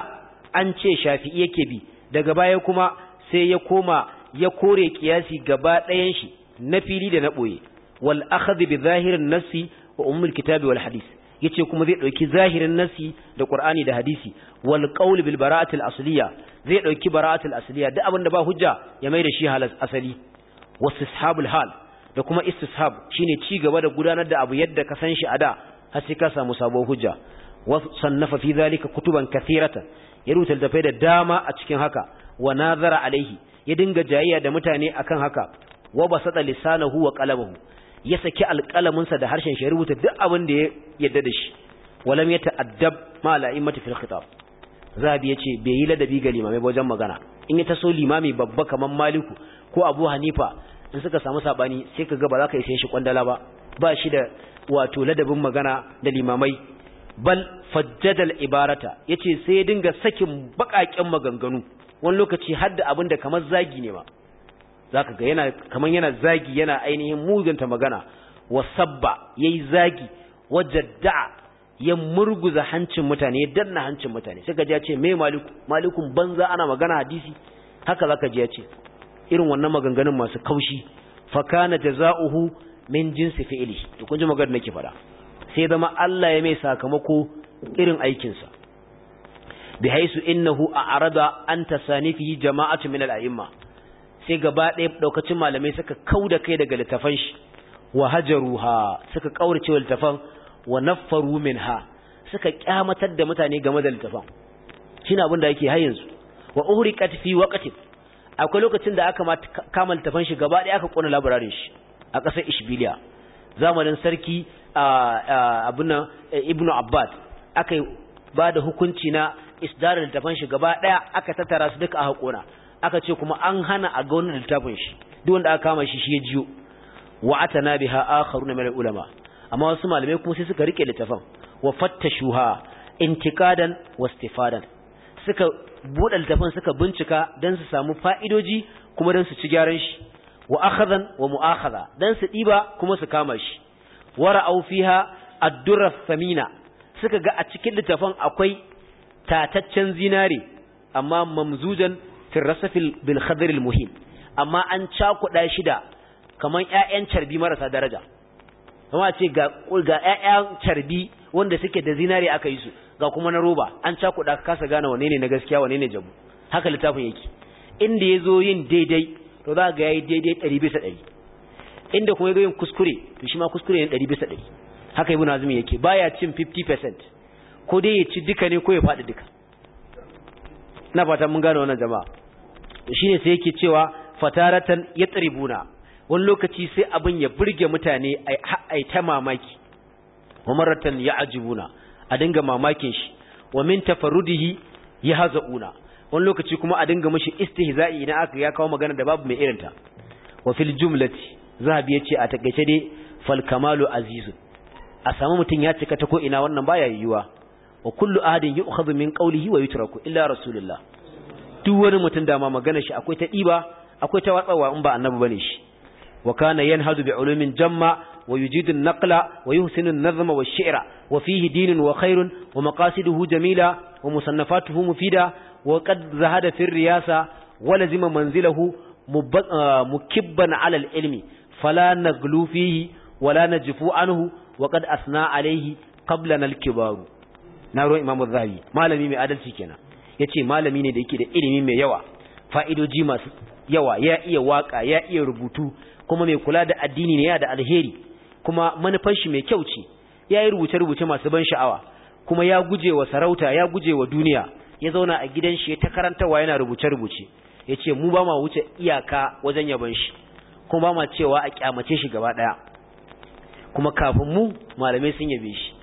an ce shafi'i yake bi daga baya kuma sai ya koma ya kore ƙiyasi gaba ɗayan shi na fili da na ɓoye wal akhadh bi zahirin nassi wa ummul kitabi wal hadith yace kuma zai ɗauki zahirin nassi da ƙur'ani da hadisi wal qawl bil bara'atil zai ɗauki bara'atil asliya duk abin ba hujja ya mai da shi halar asali Wasu hal da kuma istishab shine ci gaba da gudanar da abu yadda ka san shi a da har sai ka samu sabon hujja wa sannafa fi zalika kutuban kathiratan ya rubuta littafai da dama a cikin haka wa nazara alaihi ya dinga jayayya da mutane akan haka wa basata lisanahu wa qalamahu ya saki alqalaminsa da harshen shi ya rubuta duk abin da ya yadda da shi walam yata'addab ma la'immati fil khitab zabi ya ce bai yi ladabi ga limamai wajen magana in ya taso limami babba kamar maliku ko abu hanifa in suka samu sabani sai ka ga ba za ka isa shi kwandala ba ba shi da wato ladabin magana da limamai bal fajjadal ibarata yace sai ya dinga sakin baƙaƙen maganganu wani lokaci har da abin da kamar zagi ne ma zaka ga yana kamar yana zagi yana ainihin muzanta magana wasabba yayi zagi wajadda'a ya murguza hancin mutane ya danna hancin mutane sai kaji ya ce me maliku malikun banza ana magana hadisi haka zaka ji ya ce irin wannan maganganun masu kaushi fa kana jazaohu min jinsi fi'li to kun ji maganar nake fada sai zama Allah ya mai sakamako irin aikinsa. aikin sa bihaisu innahu a'rada an tasanifihi jama'atu min al-a'imma sai gaba ɗaya daukacin malamai suka da kai daga littafan shi wa hajaruha suka kaurace littafan wa naffaru minha suka kyamatar da mutane game da littafin shine abin da yake har yanzu wa uhriqat fi waqtin akwai lokacin da aka kama littafin shi gaba ɗaya aka kona labararin shi a ƙasar Ishbiliya zamanin sarki abin nan Ibn Abbad aka ba da hukunci na isdarar littafin shi gaba ɗaya aka tattara su duka aka kona aka ce kuma an hana a ga wannan littafin shi duk wanda aka kama shi shi ya jiyo wa atana biha akharuna min al-ulama amma wasu malamai kuma sai suka rike littafin wa fattashuha intiqadan wastifadan suka buɗe littafin suka bincika dan su samu fa'idoji kuma dan su ci gyaran shi wa akhadan wa mu'akhadha dan su diba kuma su kama shi wara'au fiha ad-durra Samina, suka ga a cikin littafin akwai tataccen zinare amma mamzujan fil rasafil bil khadril amma an cakuɗa shida kaman ƴaƴan carbi marasa daraja kuma ce ga ga ƴaƴan carbi wanda suke da zinare aka yi su ga kuma na roba an cakuɗa ka kasa gane wane ne na gaskiya wane ne jabu haka littafin yake inda ya zo yin daidai to za ga yayi yi daidai ɗari bisa ɗari inda kuma ya zo yin kuskure to shi ma kuskure ne ɗari bisa ɗari haka ibn azumi yake baya cin 50% ko dai ya ci duka ne ko ya faɗi duka na fata mun gane wannan jama'a to shine sai yake cewa fataratan yatribuna wani lokaci sai abin ya burge mutane ai ta mamaki wa ya ajibuna a dinga mamakin shi wa min tafarrudihi ya hazauna wani lokaci kuma a dinga mishi istihza'i na aka ya kawo magana da babu mai irinta wa fil jumlati zahabi ce a takaice dai fal kamalu azizun a samu mutum ya cika ta ko ina wannan baya yiwuwa wa kullu ahadin yu'khadhu min qawlihi wa yutraku illa rasulullah duk wani mutum da ma magana shi akwai ta diba akwai ta watsawa in ba annabi bane shi وكان ينهد بعلوم جمة ويجيد النقل ويحسن النظم والشعر وفيه دين وخير ومقاصده جميلة ومصنفاته مفيدة وقد زهد في الرياسة ولزم منزله مكبا على العلم فلا نغلو فيه ولا نجفو عنه وقد أثنى عليه قبلنا الكبار نارو إمام الظهبي ما لم يمي أدل سيكنا يتي ما لم يني ديكي دي إلمي مي يوا fa'idoji masu yawa ya iya waka ya iya rubutu kuma mai kula da addini ne ya da alheri kuma manufar shi mai kyau ce ya yi rubuce-rubuce masu ban sha'awa kuma ya guje wa sarauta ya guje wa duniya ya zauna a gidan shi ta karantarwa yana rubuce-rubuce ya ce mu ba ma wuce iyaka wajen yaban shi kuma ba ma cewa a kyamace shi gaba ɗaya kuma kafin mu malamai sun yabe shi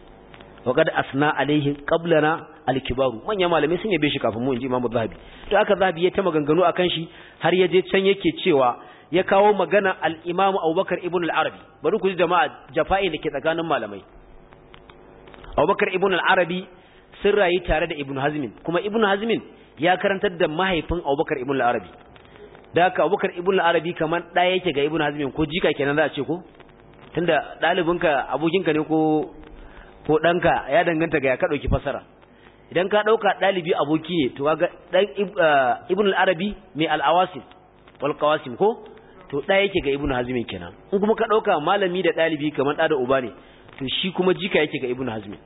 waƙad asna alaihi qablana alkibaru manya malamai sun yabe shi kafin mu inji imamu zahabi to aka zahabi ya ta maganganu akan shi har ya je can yake cewa ya kawo magana al-Imam Abubakar ibn al-Arabi bari ku ji jama'a jafa'i da ke tsakanin malamai Abubakar ibn al-Arabi sun rayu tare da Ibn Hazmin kuma Ibn Hazmin ya karantar da mahaifin Abubakar ibn al-Arabi da haka Abubakar ibn al-Arabi kaman ɗaya yake ga Ibn Hazmin ko jika kenan za a ce ko tunda ɗalibinka abokinka ne ko ɗanka ya danganta ga ya ka ɗauki fasara idan ka ɗauka ɗalibi aboki ne to ga ɗan ibn eh, al-arabi mai al wal qawasim ko to ɗaya yake ga ibnu hazmin kenan in kuma ka ɗauka malami da ɗalibi kamar ɗa da uba ne to shi kuma jika yake ga ibnu hazmin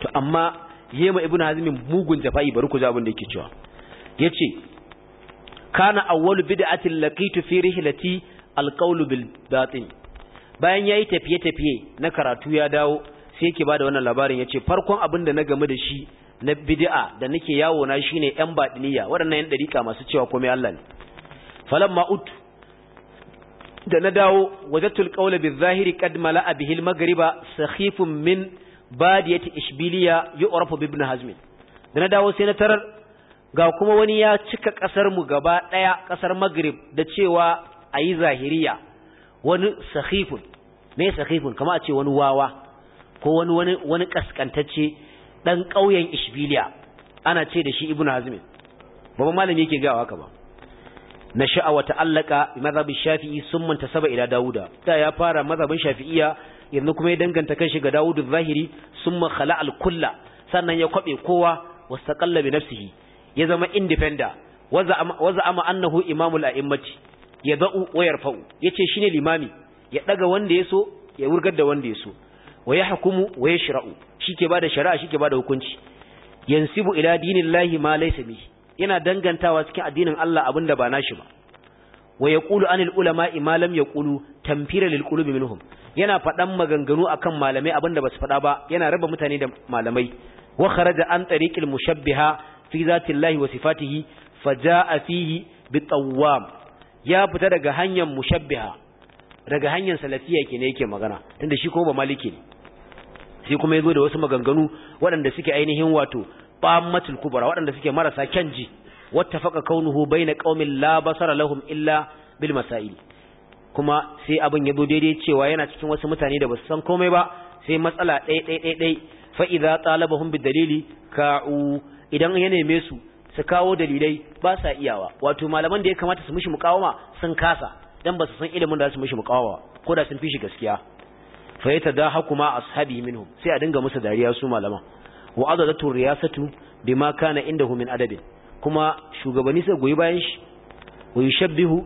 to amma yema ibnu hazmin mugun jafa'i bari ku ji abin da yake cewa yace kana awwalu bid'atin laqitu fi rihlati alqawlu bil batin bayan yayi tafiye-tafiye na karatu ya dawo sai yake bada wannan labarin yace farkon abin da na game da shi na bid'a da nake yawo na shine yan badiniya waɗannan yan dariƙa masu cewa komai Allah ne falamma utu da na dawo wajatul qawla zahiri qad mala'a bihi al-maghriba sakhifun min badiyati ishbiliya yu'rafu bi ibn hazm da na dawo sai na tarar ga kuma wani ya cika kasar mu gaba daya kasar maghrib da cewa ayi zahiriya wani sakhifun me sakhifun kama a ce wani wawa ko wani wani wani kaskantacce dan kauyen ishbiliya ana ce da shi ibn hazm babban malami yake ga haka ba na sha'awa ta'allaka bi mazhabin shafi'i sun manta saba ila dawuda da ya fara mazhabin shafi'iya yanzu kuma ya danganta kanshi ga dawudu zahiri summa khala al kulla sannan ya kwabe kowa wastaqalla bi nafsihi ya zama independent waza ama annahu imamul a'immati ya da'u wa yarfa'u yace shine limami ya daga wanda yaso ya wurgar da wanda yaso wa yahkumu wa yashra'u shike bada shari'a shike bada hukunci yansibu ila dinillahi ma laysa bihi yana dangantawa cikin addinin Allah abin da ba nashi ba wa yaqulu anil ulama ma lam yaqulu tamfira lil qulubi minhum yana faɗan maganganu akan malamai abin da basu faɗa ba yana raba mutane da malamai wa kharaja an tariqil mushabbiha fi zati llahi wa sifatihi faja'a fihi bitawwam ya fita daga hanyar mushabbiha daga hanyar salafiya ke ne yake magana tunda shi ko ba maliki ne sai kuma yazo da wasu maganganu waɗanda suke ainihin wato bammatul kubra waɗanda suke marasa kyanji faka kaunuhu baina qaumin la basara lahum illa bil masail kuma sai abin yabo daidai cewa yana cikin wasu mutane da basu san komai ba sai matsala ɗai ɗai ɗai ɗai fa idza talabahum bid dalili ka'u idan ya neme su su kawo dalilai ba sa iyawa wato malaman da ya kamata su mishi mukawama sun kasa dan ba su san ilimin da za su mishi mukawama ko da sun fi shi gaskiya fa yatadahaku ma ashabi minhum sai a dinga musu dariya su malaman wa azadatu riyasatu bima kana indahu min adabin kuma shugabanni sai goyi bayan shi wa yushabbihu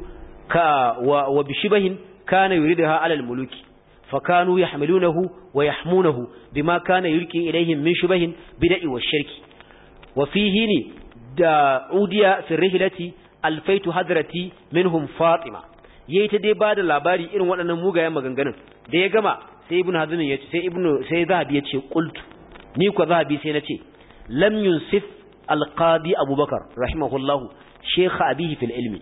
ka wa, bishibahin kana yuridaha ala almuluki fakanu yahmilunahu wa yahmunahu bima kana yulqi ilaihim min shubahin bid'i wa shirki wa fihi ni da udiya fi rihlati alfaitu hadrati minhum fatima yayi ta dai bada labari irin waɗannan mugayen maganganun da ya gama sai ibnu hazmin ya ce sai ibnu sai zahabi ya ce qultu ni ku zahabi sai na ce lam yunsif alqadi abubakar rahimahullahu sheikh abihi fil ilmi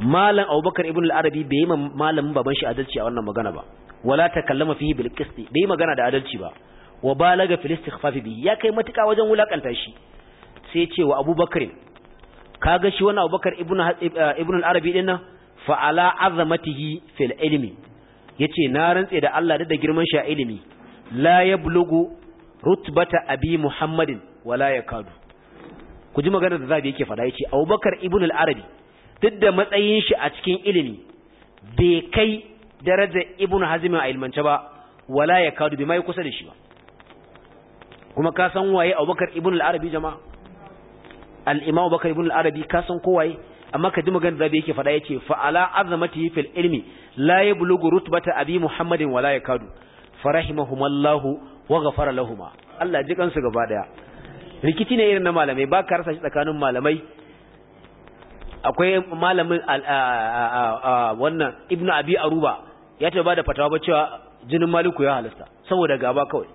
malam abubakar ibn al bai yi malamin baban shi adalci a wannan magana ba wala kallama fihi bil qist bai magana da adalci ba wa balaga fil istighfaf bi ya kai matuka wajen wulakanta shi sai ce wa abubakar kaga shi wannan abubakar ibn eh, ibn al din nan fa ala azamatihi fil ilmi yace na rantse da Allah da girman shi a ilimi la yablugu rutbata abi muhammadin wala kadu ku ji magana da zabi yake faɗa yace abubakar ibn al-arabi duk da matsayin shi a cikin ilimi bai kai darajar ibn hazim a ilmance ba wala kadu bai mai kusa da shi ba kuma ka san waye abubakar ibn al-arabi jama'a al-imam abubakar ibn al-arabi ka san ko waye amma ka ji magana da yake faɗa yace fa ala azamati fil ilmi la yablughu rutbata abi muhammadin wala ya kadu Allahu wa ghafara lahuma Allah ji kansu gaba daya rikici ne irin na malamai ba ka rasa shi tsakanin malamai akwai malamin wannan Ibn abi aruba ya ce ba da fatawa ba cewa jinin maliku ya halasta saboda gaba kawai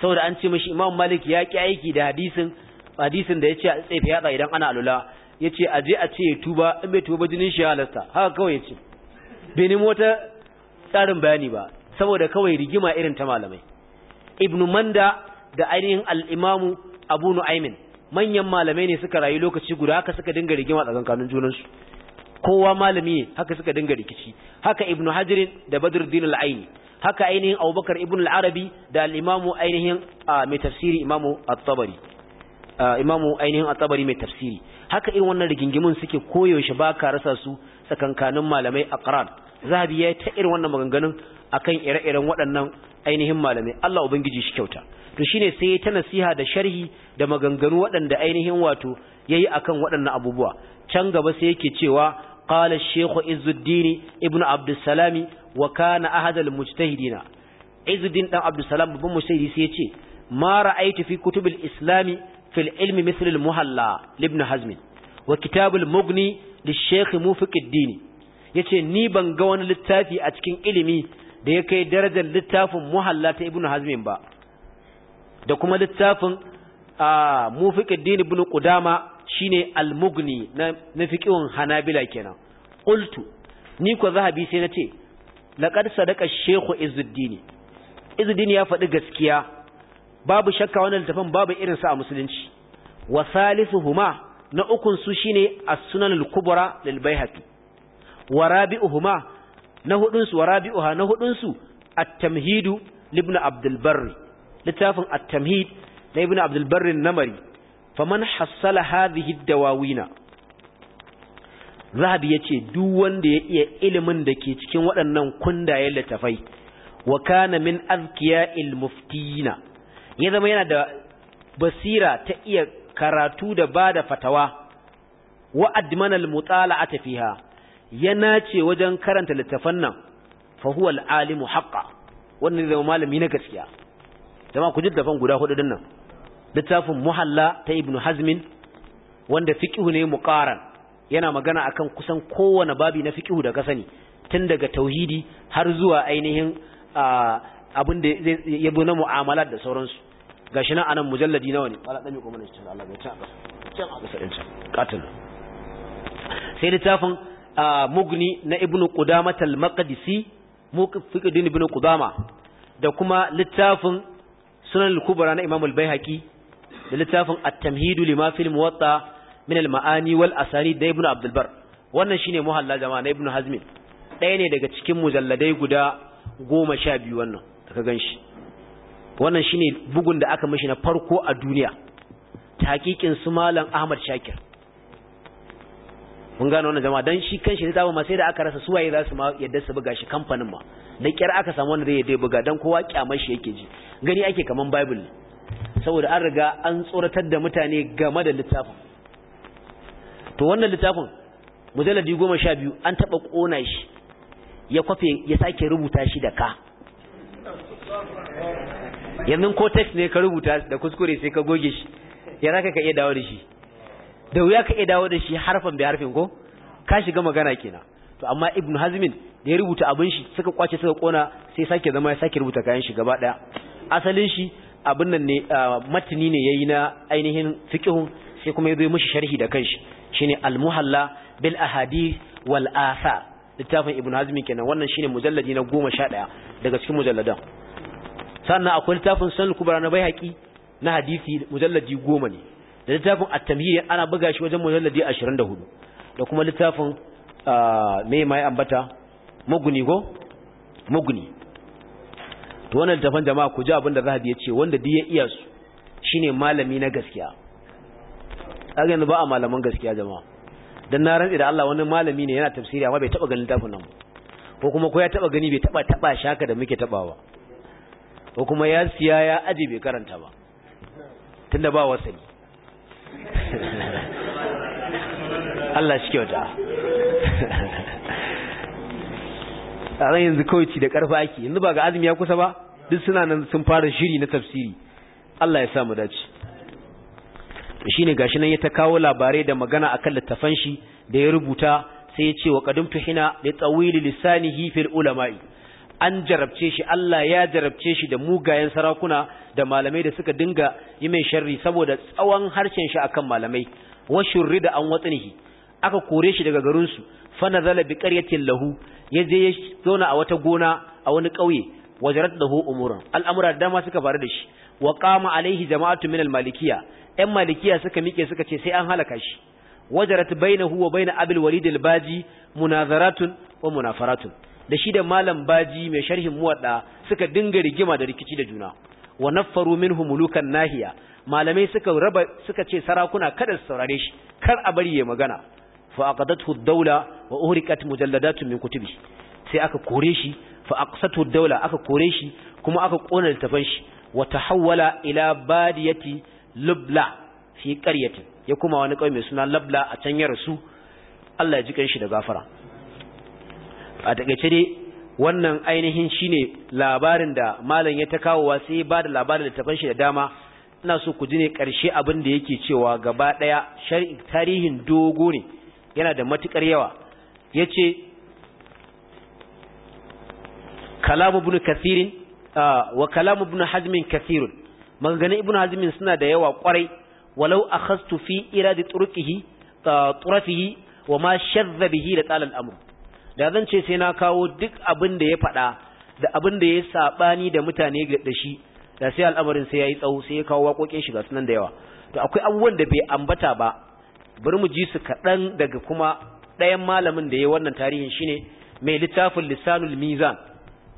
saboda an ce mishi imam malik ya ki aiki da hadisin hadisin da ya ce a tsefe yatsa idan ana alula ya ce a je a ce ya tuba in bai tuba jinin shi ya halasta haka kawai ya bai nemo mota tsarin bayani ba saboda kawai rigima irin ta malamai ibnu manda da ainihin Al'imamu abu manyan malamai ne suka rayu lokaci guda haka suka dinga rigima tsakankanin junansu kowa malami ne haka suka dinga rikici haka ibnu hajirin da Badr din al’aini haka ainihin abubakar ibn al da Al'imamu ainihin ainihin mai tafsiri imamu at-tabari imamu ainihin at-tabari mai tafsiri haka irin wannan rigingimin suke koyaushe ba ka rasa su tsakankanin malamai a ƙaran zahabi ya ta irin wannan maganganun akan ire-iren waɗannan ainihin malamai Allah ubangiji shi kyauta to shine sai ta nasiha da sharhi da maganganu waɗanda ainihin wato yayi akan waɗannan abubuwa can gaba sai yake cewa qala shaykh izzuddin ibnu abdussalam wa kana ahadul mujtahidina izzuddin dan abdussalam babban mujtahidi sai yace ma ra'aytu fi kutubil islami fil ilmi mithl al muhalla ibn hazm wa kitab al mughni lishaykh mufiq ad yace ni ban ga wani littafi a cikin ilimi da ya kai darajar littafin muhalla ta ibnu hazmin ba da kuma littafin a mufiqiddin ibn qudama shine al-mughni na fiqhun hanabila kenan qultu ni ko zahabi sai nace laqad sadaqa shaykhu izuddin izuddin ya faɗi gaskiya babu shakka wannan littafin babu irin sa a musulunci wa salisuhuma na ukun su shine as-sunan al-kubra lil bayhaqi wa rabi'uhuma na hudun su warabi'uha na hudunsu su at-tamhid ibn abdul barr littafin at-tamhid na ibn abdul barr namari faman hassala hadhihi ad-dawawina zahabi yace duk wanda ya iya ilimin da ke cikin waɗannan kundayen littafai wa kana min azkiya'il muftina ya zama yana da basira ta iya karatu da bada fatawa wa admanal mutala'ata fiha ya nace wajen karanta littafan nan fa huwa al-alimu haqqan wannan zama malami na gaskiya Zama ku ji littafan guda hudu din nan littafin muhalla ta ibnu hazmin wanda fiqhu ne muqaran yana magana akan kusan kowane babi na fiqhu da ka sani tun daga tauhidi har zuwa ainihin abin da ya bi na mu'amala da sauransu gashi nan anan mujalladi nawa ne wala dan yi kuma ne insha Allah ga ta ƙasa a ƙasa ɗin katin sai littafin mugni na ibnu qudamah al-maqdisi muqfiqdin ibnu qudama da kuma littafin sunan al-kubra na imam al-baihaqi da littafin at-tamhidu lima fil muwatta min al-ma'ani wal asani da ibnu abdul bar wannan shine muhalla jama'a na ibnu hazm ɗaya ne daga cikin mujalladai guda goma sha biyu wannan da ka ganshi wannan shine bugun da aka mishi na farko a duniya ta su malam ahmad shakir mun gano wannan jama'a dan shi kanshi littafin ma sai da aka rasa suwaye za su ma yadda su buga shi kamfanin ma da kyar aka samu wanda zai yadda buga dan kowa kyamar shi yake ji gani ake kaman bible saboda an riga an tsoratar da mutane game da littafin to wannan littafin mujalladi goma sha biyu an taba kona shi ya kwafe ya sake rubuta shi da ka yanzu ko text ne ka rubuta da kuskure sai ka goge shi ya zaka ka iya dawo da shi da wuya ka iya dawo da shi harfan bai harfin ko ka shiga magana kenan to amma ibnu hazmin da ya rubuta abin shi suka kwace suka kona sai sake zama ya sake rubuta kayan shi gaba daya asalin shi abin nan ne matini ne yayi na ainihin fiqhun sai kuma yazo mishi sharhi da kanshi shine al-muhalla bil ahadith wal asa littafin ibnu hazmin kenan wannan shine mujalladi na 11 daga cikin mujalladan sannan akwai littafin sunan kubra na haqi na hadisi mujalladi 10 ne da littafin at-tamhid ana buga shi wajen mujalladi 24 da kuma littafin ah, me mai ambata muguni go muguni to wannan littafin jama'a ku ji abin da zahabi ya ce wanda duk ya iya su shine malami na gaskiya kaga yanzu ba a malaman gaskiya jama'a dan na rantsi da Allah wani malami ne yana tafsiri amma bai taba ganin littafin nan ko kuma ko ya taba gani bai taba taba shaka da muke tabawa ko kuma ya siya ya aje bai karanta ba tunda ba wasani (laughs) Allah shi kyauta (laughs) a ran yanzu kawai da ƙarfi ake yanzu ba ga azumi ya kusa ba duk suna nan sun fara shiri na tafsiri Allah ya sa mu dace ne gashi nan ya ta kawo labarai da magana akan littafan shi da ya rubuta sai ya ce wa qadimtu hina da tsawili lisanihi fil ulama'i an jarabce shi Allah ya jarabce shi da mugayen sarakuna da malamai da suka dinga yi mai sharri saboda tsawon harshen shi akan malamai wa shurrida an watsinihi aka kore shi daga garin su fa nazala bi qaryatin lahu ya je ya zauna a wata gona a wani kauye wajarat lahu umuran al'amura dama suka faru da shi wa qama alaihi jama'atu min al malikiya ɗan malikiya suka mike suka ce sai an halaka shi wajarat bainahu wa bain abil walid al-baji munazaratun wa munafaratun da shi da malam baji mai sharhin muwadda suka dinga rigima da rikici da juna wa naffaru minhu mulukan nahiya malamai suka raba suka ce sarakuna kada su saurare shi kar a bari ya magana fa aqadathu ad-dawla wa uhriqat mujalladatun min kutubi sai aka kore shi fa aqsathu ad-dawla aka kore shi kuma aka kona littafan shi wa tahawwala ila badiyati lubla fi qaryatin ya kuma wani kauye mai suna labla a can ya rasu Allah ya ji kanshi da gafara a takaice dai wannan ainihin shine labarin da malam ya ta kawo wa sai ba da labarin da tafan shi da dama ina so ku ji ne karshe abin da yake cewa gaba daya shar'i tarihin dogo ne yana da matukar yawa yace kalam ibn kathir wa kalam ibn hazm kathir maganganun ibn hazm suna da yawa kwarai walau akhastu fi iradi turqihi turafihi wa ma shadda bihi la talal amr da zan ce sai na kawo duk abin da ya faɗa da abin da ya saɓani da mutane da shi da sai al'amarin sai ya yi tsawo sai ya kawo waƙoƙin shiga sunan da yawa to akwai abubuwan da bai ambata ba bari mu ji su kaɗan daga kuma ɗayan malamin da ya yi wannan tarihin shine mai littafin lissanul mizan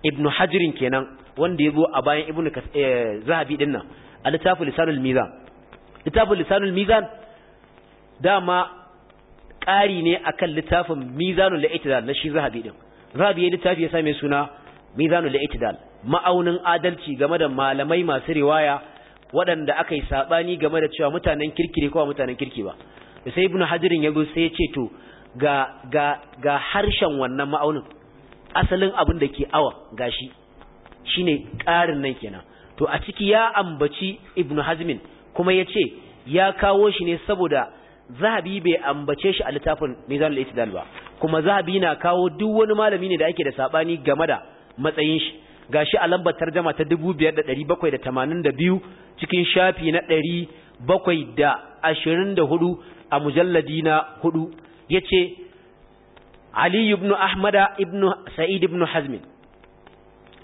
ibnu hajirin kenan wanda ya zo a bayan ibnu eh, zahabi a littafin lissanul mizan littafin lisanul mizan dama ƙari ne a kan littafin mizanun la'itidal na shi zahabi ɗin zahabi ya littafi ya same suna mizanun la'itidal ma'aunin adalci game da malamai masu riwaya waɗanda aka yi saɓani game da cewa mutanen ne kowa mutanen kirki ba da sai Ibn hajjirin ya zo sai ya ce to ga harshen wannan ma'aunin asalin abin da ke awa ga shi shine ƙarin nan kenan to a ciki ya ambaci Ibn hazmin kuma ya ce ya kawo shi ne saboda zahabi bai ambace shi a littafin mizanul itidal ba kuma zahabi na kawo duk wani malami ne da ake da sabani game da matsayin shi gashi a lambar tarjuma ta 5782 cikin shafi na 724 a mujalladi na 4 yace Ali ibn Ahmad ibn Sa'id ibn Hazm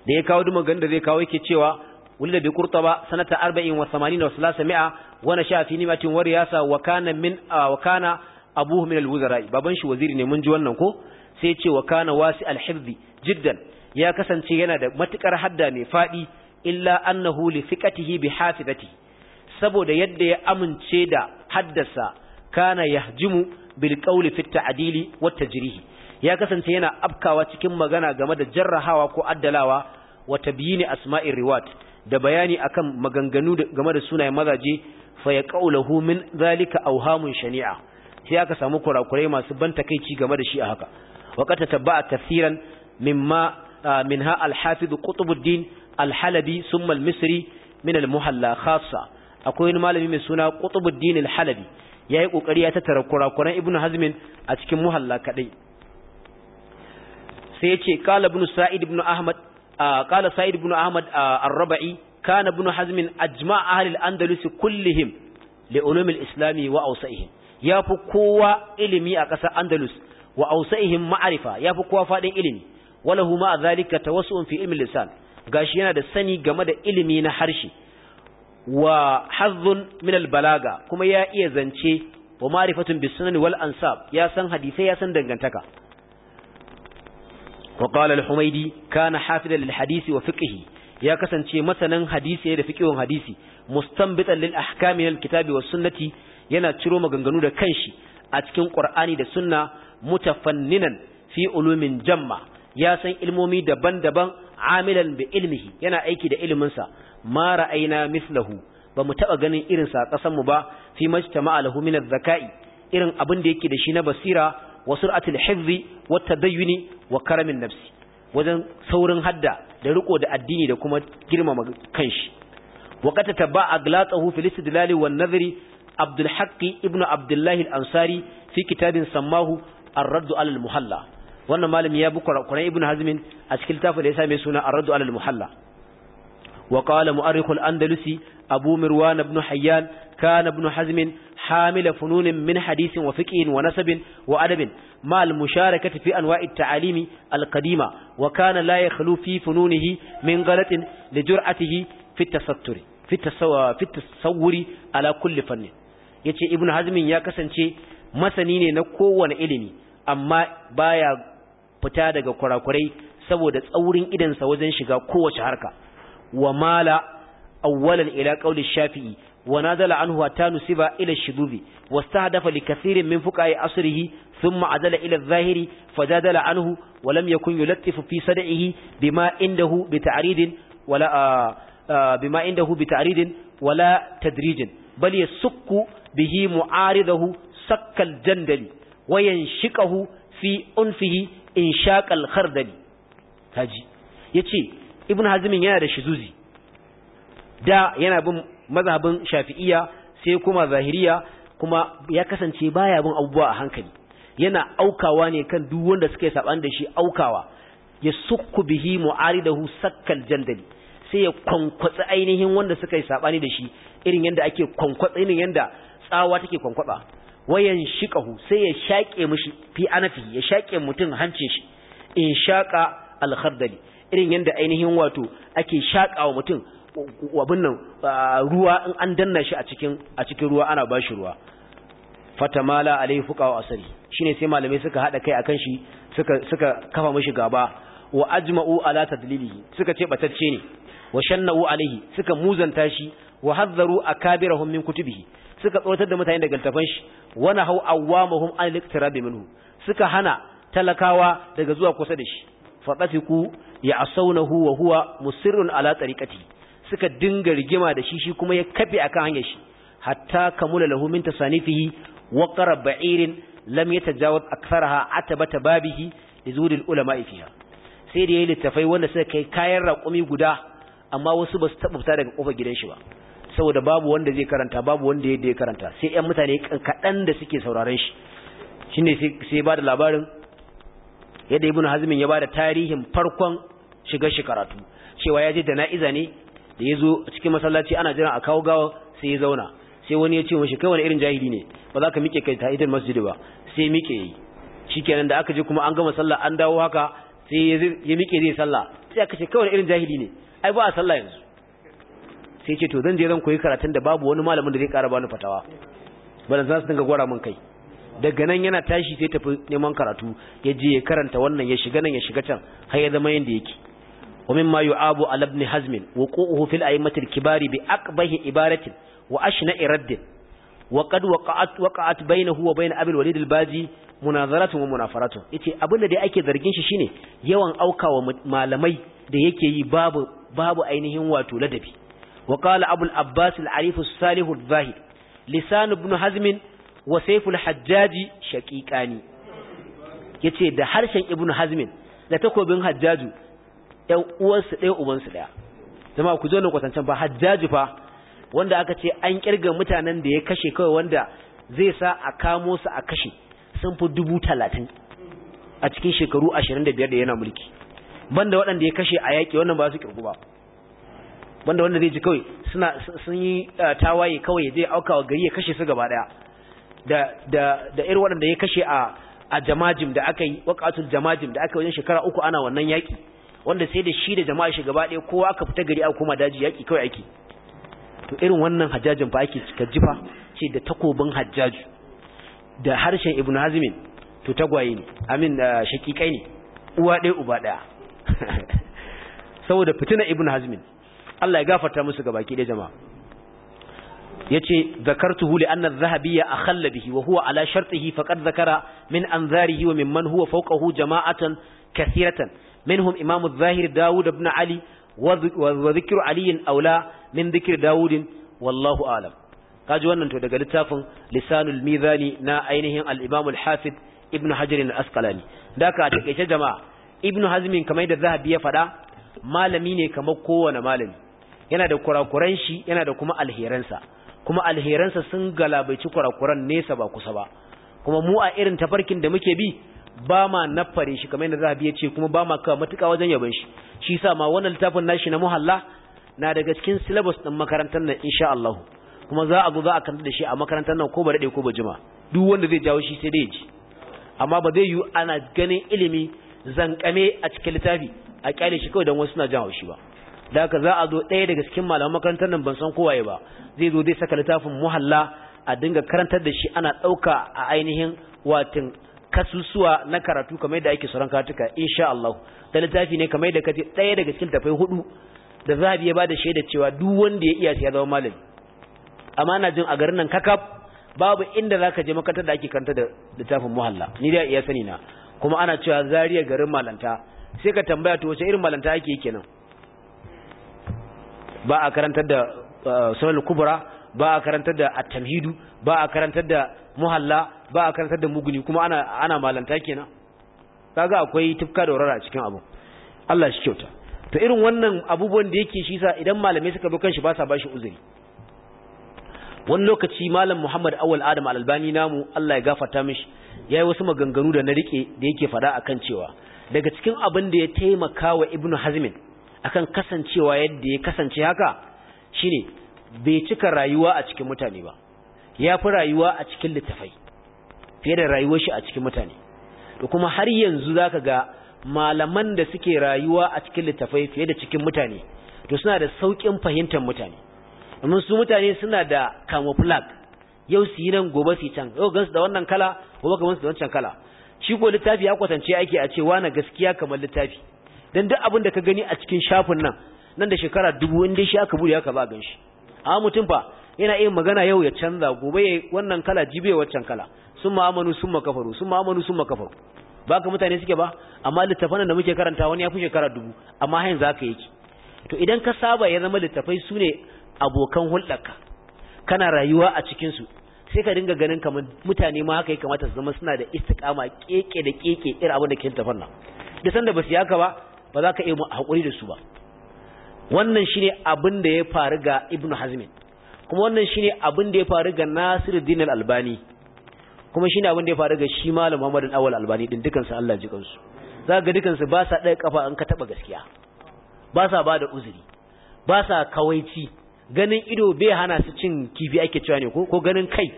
da ya kawo maganin da zai kawo yake cewa ولد بقرطبة سنة أربع وثمانين وثلاثمائة ونشأ في نمة ورياسة وكان من آه وكان أبوه من الوزراء بابن شي وزير ne mun ji wannan ko sai ce wa kana wasi al-hifzi jiddan ya kasance yana da matukar hadda mai fadi illa annahu li thiqatihi bi hafizati saboda yadda ya amince da haddasa kana yahjimu bil qawli fi ta'dili wa tajrihi ya kasance yana afkawa cikin magana game da jarrahawa ko addalawa wa tabyini asma'ir riwat da bayani akan maganganu game da sunayen mazaje fa ya qaulahu min zalika awhamun shari'a sai aka samu kurakurai masu ban takeici game da shi a haka wa qad tatabba'a kaseeran mimma minha al-hafiz qutbuddin al-halabi thumma al-misri min al-muhalla khassa akwai wani malami mai suna qutbuddin al-halabi yayi kokari ya tattara kurakuran Ibn hazmin a cikin muhalla kadai sai yace qala ibn sa'id ibn ahmad a قال سعيد بن أحمد الربعي كان ابن حزم أجمع أهل الأندلس كلهم لعلوم الإسلام وأوسئهم ya fi kowa ilimi a ƙasar Andalus wa ausaihim ma'arifa ya fi kowa faɗin ilimi wala huma a zalika tawassu'un fi ilmin lisan gashi yana da sani game da ilimi na harshe wa hazzun min albalaga kuma ya iya zance wa ma'rifatun bis sunan wal ansab ya san hadisai ya san dangantaka وقال الحميدي كان حافظا wa fikihi, ya kasance masanin hadisi da fiqihun hadisi mustanbitan lil ahkami al kitabi was sunnati yana ciro maganganu da kanshi a cikin Ƙur'ani da sunna mutafanninan fi ulumin jamma ya san ilmomi daban-daban amilan bi ilmihi yana aiki da ilimin mara aina ra'ayna mislahu ba mu taba ganin irin sa kasan mu ba fi majtama'a lahu min az-zaka'i irin abin da yake da shi na basira wa sur'atul hifzi wa tadayyuni wa karamin nafsi wajen saurin hadda da riko da addini da kuma girmama kanshi wa qata taba aglatsahu fil istidlal wan nadhri abdul haqqi ibnu abdullahi al-ansari fi kitabin sammahu ar-radd ala al-muhalla wannan malami ya bi kuran ibnu hazmin a cikin tafsir da ya same suna ar-radd ala al-muhalla wa qala mu'arrikh al-andalusi abu mirwan ibn hayyan kana ibn hazmin حامل فنون من حديث وفقه ونسب وأدب مع المشاركة في أنواع التعاليم القديمة وكان لا يخلو في فنونه من غلط لجرأته في التستر في التصور, في التصور على كل فن yace ibnu hazmin ya kasance masani ne na kowane ilimi amma baya fita daga kurakurai saboda tsaurin idansa wajen shiga kowace harka Wamala mala ila ونادل عنه حتى نسب إلى الشذوذ واستهدف لكثير من فقهاء عصره ثم عدل إلى الظاهر فجادل عنه ولم يكن يلتف في صدعه بما عنده بتعريض ولا آآ آآ بما عنده بتعريض ولا تدريج بل يسك به معارضه سك الجندل وينشقه في أنفه إنشاق الخردل هاجي يتي ابن حزم yana da shizuzi da yana bin mazhabin shafi'iya sai kuma zahiriya kuma ya kasance baya bin abubuwa a hankali yana aukawa ne kan duk wanda suke saban da shi aukawa ya sukku bihi mu'aridahu sakkal jandali sai ya kwankwatsa ainihin wanda suka yi sabani da shi irin yanda ake kwankwatsa irin yanda tsawa take kwankwaba wayan shiqahu sai ya shake mishi fi anafi ya shake mutum hancin shi in shaqa al irin yanda ainihin wato ake shakawa mutum wabin nan ruwa in an danna shi a cikin a cikin ruwa ana bashi ruwa fatamala alaihi fuqa wa asari shine sai malamai suka hada kai akan shi suka suka kafa mishi gaba wa ajma'u ala tadlilihi suka ce batacce ne wa shannahu alaihi suka muzanta shi wa hadzaru akabirahum min kutubihi suka tsoratar da mutane daga tafan shi wa nahau awwamuhum an liktirabi minhu suka hana talakawa daga zuwa kusa da shi fatafiku ya asawnahu wa huwa musirrun ala tariqatihi suka dinga rigima da shi shi kuma ya kafe akan hanyar shi hatta kamula lahu min tasanifihi wa qara ba'irin lam yatajawaz aktharaha atabata babihi lizuri ulama fiha sai da yayi littafai wanda suka kai kayan raƙumi guda amma wasu basu su fita daga kofar gidan shi ba saboda babu wanda zai karanta babu wanda ya karanta sai ƴan mutane kaɗan da suke sauraron shi shine sai ba da labarin yadda ibnu hazmin ya ba da tarihin farkon shiga shi karatu cewa ya je da na'iza ne da ya zo cikin masallaci ana jiran a kawo gawa sai ya zauna sai wani ya ce mashi kai wani irin jahili ne ba za ka miƙe kai ta idan masjidi ba sai miƙe yi kenan da aka je kuma an gama sallah an dawo haka sai ya miƙe zai sallah sai aka ce kai wani irin jahili ne ai ba a sallah yanzu sai ce to zan je zan koyi karatun da babu wani malamin da zai ƙara bani fatawa ba za su dinga gwara min kai daga nan yana tashi sai tafi neman karatu ya je ya karanta wannan ya shiga nan ya shiga can har ya zama yanda yake ومما يعاب على ابن حزم وقوعه في الأئمة الكبار بأقبه عبارة وأشنع رد وقد وقعت وقعت بينه وبين أبي الوليد الباجي مناظرة ومنافرة yace abinda da ake zargin shi ne yawan aukawa malamai da yake yi babu babu ainihin wato ladabi wa qala abu al-abbas al-arif as-salih al-zahid lisan ibn hazm wa sayf al-hajjaj yace da harshen Ibnu Hazmin da takobin hajjaju ƴan uwansu ɗaya ubansu ɗaya jama'a ku zo na kwatancan ba hajjaji fa wanda aka ce an kirga mutanen da ya kashe kawai wanda zai sa a kamo su a kashe sun fi dubu talatin a cikin shekaru ashirin da biyar da yana mulki banda waɗanda ya kashe a yaƙi wannan ba su kirgu ba banda wanda zai ji kawai suna sun yi uh, tawaye kawai ya je auka wa gari ya kashe su gaba ɗaya da da irin waɗanda ya kashe a a jamajim da aka yi waƙatul jamajim da aka yi wajen shekara uku ana wannan yaƙi wanda sai da shi da jama'a shi gaba ɗaya kowa aka fita gari a koma daji yaki kawai aiki to irin wannan hajjajin ba ake cika jifa ce da takobin hajjaju da harshen ibn hazmin to tagwaye ne amin shakikai ne uwa ɗaya uba ɗaya (laughs) saboda fitina ibn hazmin Allah ya gafarta musu ga baki da jama'a yace zakartuhu li anna adh-dhahabi akhalla bihi wa huwa ala shartihi faqad zakara min anzarihi wa mimman huwa fawqahu jama'atan kathiratan منهم إمام الظاهر داود بن علي وذكر Aula, أولى zikir ذكر داود والله أعلم kaji wannan to daga littafin lisanul mizani na ainihin al-imam al-hafiz ibnu hajar al-asqalani daka a takeice jama'a ibnu hazmin kamar da zahabi ya faɗa? malami ne kamar kowane malami yana da kurakuran shi yana da kuma alheransa kuma alheransa sun galabaici kurakuran nesa ba kusa ba kuma mu a irin tafarkin da muke bi ba ma nafare shi kamar yadda zahabi ya ce kuma ba ma kawo matuƙa wajen yaban shi shi sa ma wannan littafin nashi na muhalla na daga cikin syllabus ɗin makarantar nan insha Allah kuma za a zo za a kanta da shi a makarantar nan ko ba daɗe ko ba jima duk wanda zai jawo shi sai dai ji amma ba zai yiwu ana ganin ilimi zankame a cikin littafi a kyale shi kawai don wasu suna jan haushi ba da haka za a zo ɗaya daga cikin malaman makarantar nan ban san kowaye ba zai zo zai saka littafin muhalla a dinga karantar da shi ana ɗauka a ainihin watin kasusuwa na karatu kamar da ake sauran karatuka insha Allah da littafi ne kamar yadda kace ɗaya daga cikin tafai hudu da zahabi ya da shaida cewa duk wanda ya iya ya zama malami amma na jin a garin nan kakaf babu inda zaka je makarantar da ake karanta da littafin muhalla ni da iya sani na kuma ana cewa zariya garin malanta sai ka tambaya to wace irin malanta ake kenan ba a karantar da eh, sunan kubra ba a karantar da at-tamhidu ba a karantar da muhalla ba a karantar da muguni kuma ana ana malanta kenan kaga akwai tufka da warara cikin abu Allah shi kyauta to irin wannan abubuwan da yake shi sa idan malamai suka bi kanshi ba sa bashi uzuri wani lokaci malam Muhammad Awal Adam Al-Albani namu Allah ya gafarta mishi yayi wasu maganganu da na rike da yake fada akan cewa daga cikin abin da ya taimaka wa Ibn Hazmin akan kasancewa yadda ya kasance haka shine bai cika rayuwa a cikin mutane ba ya fi rayuwa a cikin littafai fiye da rayuwar shi a cikin mutane to kuma har yanzu zaka ga malaman da suke rayuwa a cikin littafai fiye da cikin mutane to suna da saukin fahimtar mutane domin su mutane suna da camouflage yau su yi nan gobe su yi can yau gansu da wannan kala gobe ka su da wancan kala shi ko littafi ya kwatance ake a cewa na gaskiya kamar littafi dan duk abin da ka gani a cikin shafin nan nan da shekara dubu in dai shi aka bude aka ba gan shi amma mutum fa yana iya magana yau ya canza gobe wannan kala jibe wancan kala sun ma'amanu sun makafaru sun ma'amanu sun makafaru ba ka mutane suke ba amma littafan da muke karanta wani ya fi shekara dubu amma hain za ka yake to idan ka saba ya zama littafai su ne abokan hulɗarka kana rayuwa a cikinsu sai ka dinga ganin kamar mutane ma haka ya kamata su zama suna da istikama keke da keke irin abin da ke littafan nan da sanda ba su yaka ba ba za ka iya haƙuri da su ba wannan shine abin da ya faru ga ibnu hazmin kuma wannan shine abin da ya faru ga Nasiru Dinar albani kuma ne abin da ya faru ga shi malam Muhammad Awal Albani din dukan su Allah ji kansu za ga dukan su ba sa ɗaya kafa an ka taba gaskiya ba sa ba da uzuri ba sa kawaici ganin ido bai hana su cin kifi ake cewa ne ko ko ganin kai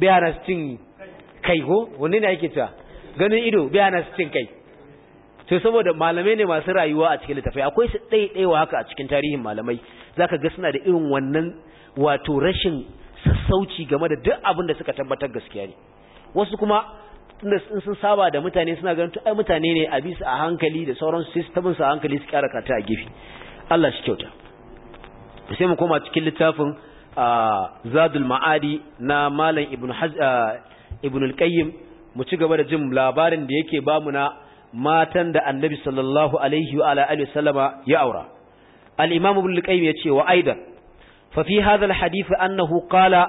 bai hana su cin kai ko wanne ne ake cewa ganin ido bai hana su cin kai to saboda malamai ne masu rayuwa a cikin littafai akwai su wa haka a cikin tarihin malamai zaka ga suna da irin wannan wato rashin sassauci game da duk abin da suka tabbatar gaskiya ne wasu kuma in sun saba da mutane suna ganin to ai mutane ne a bisa a hankali da sauran systemin su a hankali su kyara kata a gefe Allah shi kyauta sai mu koma cikin littafin Zadul Ma'adi na Malam Ibn Ibn al-Qayyim mu ci gaba da jin labarin da yake ba mu na matan da Annabi sallallahu alaihi wa alihi wasallama ya aura Al-Imam Ibn al-Qayyim ya ce wa aidan ففي هذا الحديث أنه قال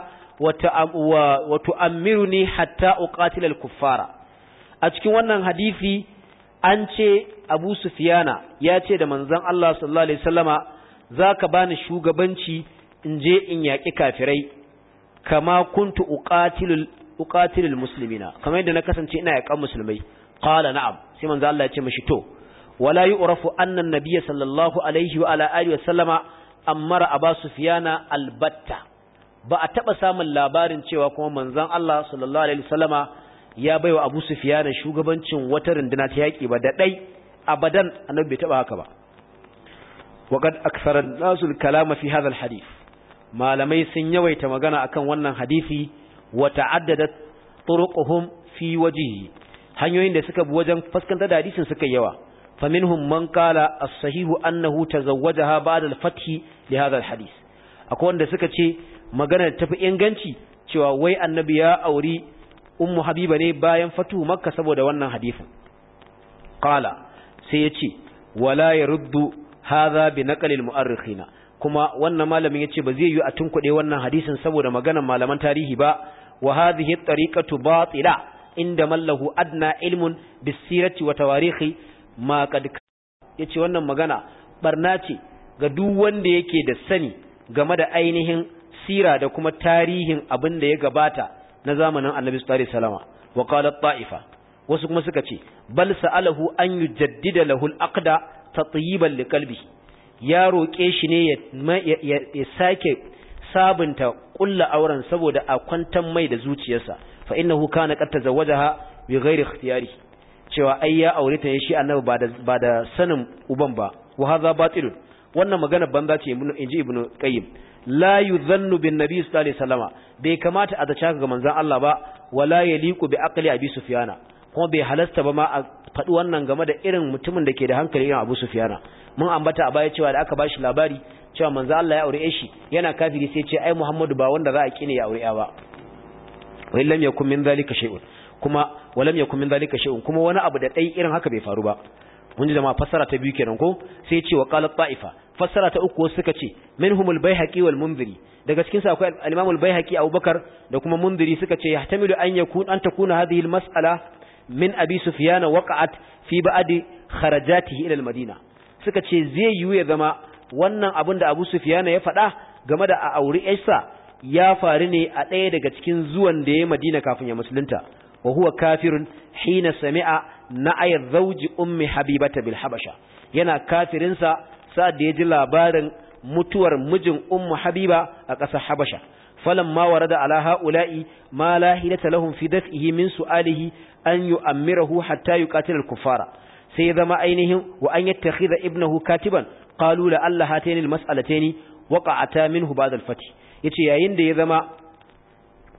وتؤمرني حتى أقاتل الكفار أتكي وانا حديثي أنشي أبو سفيانا ياتي دا منزان الله صلى الله عليه وسلم ذاك بان شوغبانشي إنجي إن يأكي كافري كما كنت أقاتل أقاتل المسلمين كما يدنا كسنشي إنا يكام مسلمي قال نعم سيما الله يتي مشتو ولا يعرف أن النبي صلى الله عليه وعلى آله وسلم ammara aba sufiyana albatta ba a taɓa samun labarin cewa kuma manzon Allah sallallahu alaihi wasallama ya baiwa abu sufiyana shugabancin wata runduna ta yaƙi ba da ɗai abadan annabi bai taɓa haka ba وقد أكثر الناس الكلام في malamai sun yawaita magana akan تمغانا hadisi ونن حديثي وتعددت طرقهم في wajihi hanyoyin da suka bi wajen fuskantar da hadisin suka yawa فمنهم من قال الصحيح أنه تزوجها بعد الفتح لهذا الحديث أكون دا سكتي مغانا تفئين غانشي شوى وي النبي يا أوري أم حبيبة نبا ينفتو مكة سبو دوانا حديثا قال سيتي ولا يرد هذا بنقل المؤرخين kuma wannan malamin yace ba zai yi a tunkuɗe wannan hadisin saboda maganar malaman tarihi ba wa hadhihi tariqatu batila inda mallahu adna ilmun bisirati wa tawarikhi ma kad yace wannan magana barna ce ga duk wanda yake da sani game da ainihin sira da kuma tarihin abin da ya gabata na zamanin Annabi sallallahu alaihi wasallam wa qala ta'ifa wasu kuma suka ce bal sa'alahu an yujaddida lahu al-aqda tatyiban liqalbi ya roke shi ne ya sake sabunta kulla auren saboda a kwantan mai da zuciyarsa fa innahu kana qad tazawwajaha bi ghairi ikhtiyari cewa ai ya aure ta shi annabi ba da ba da sanin uban ba wa hadha batilun wannan magana banza ce ibnu inji ibnu qayyim la yuzannu bin nabi sallallahu alaihi wasallama bai kamata a zaci ga manzon Allah ba wala yaliqu bi aqli abi sufyana kuma bai halasta ba ma a faɗi wannan game da irin mutumin da ke da hankali irin abu sufyana mun ambata a baya cewa da aka bashi labari cewa manzo Allah ya aure shi yana kafiri sai ce ai Muhammadu ba wanda za a kine ya aure ya ba wa illam yakun min zalika shay'un kuma walam yakun min zalika shay'un kuma wani abu da dai irin haka bai faru ba mun ji jama'a fassara ta biyu kenan ko sai ce wa qalat ta'ifa fassara ta uku suka ce minhumul baihaqi wal munziri daga cikin sa akwai al-imam Abubakar da kuma munziri suka ce yahtamilu an yakun an takuna hadhihi al-mas'ala min abi sufyan waqa'at fi ba'di kharajatihi ila al-madina suka ce zai yiwu ya zama wannan abin da abu sufyan ya faɗa game da a auri yarsa ya faru ne a ɗaya daga cikin zuwan da ya madina kafin ya musulunta wa huwa kafirun hina sami'a na'ayar zauji ummi habibata bil habasha yana kafirinsa sa'ad da ya ji labarin mutuwar mijin ummu habiba a ƙasar habasha فلما ورد على هؤلاء ما لا حيلة لهم في دفئه من سؤاله أن يؤمره حتى يقاتل الكفار سيذم أينهم وأن يتخذ ابنه كاتبا قالوا لألا هاتين المسألتين وقعتا منه بعد الفتح يتي يين دي ذما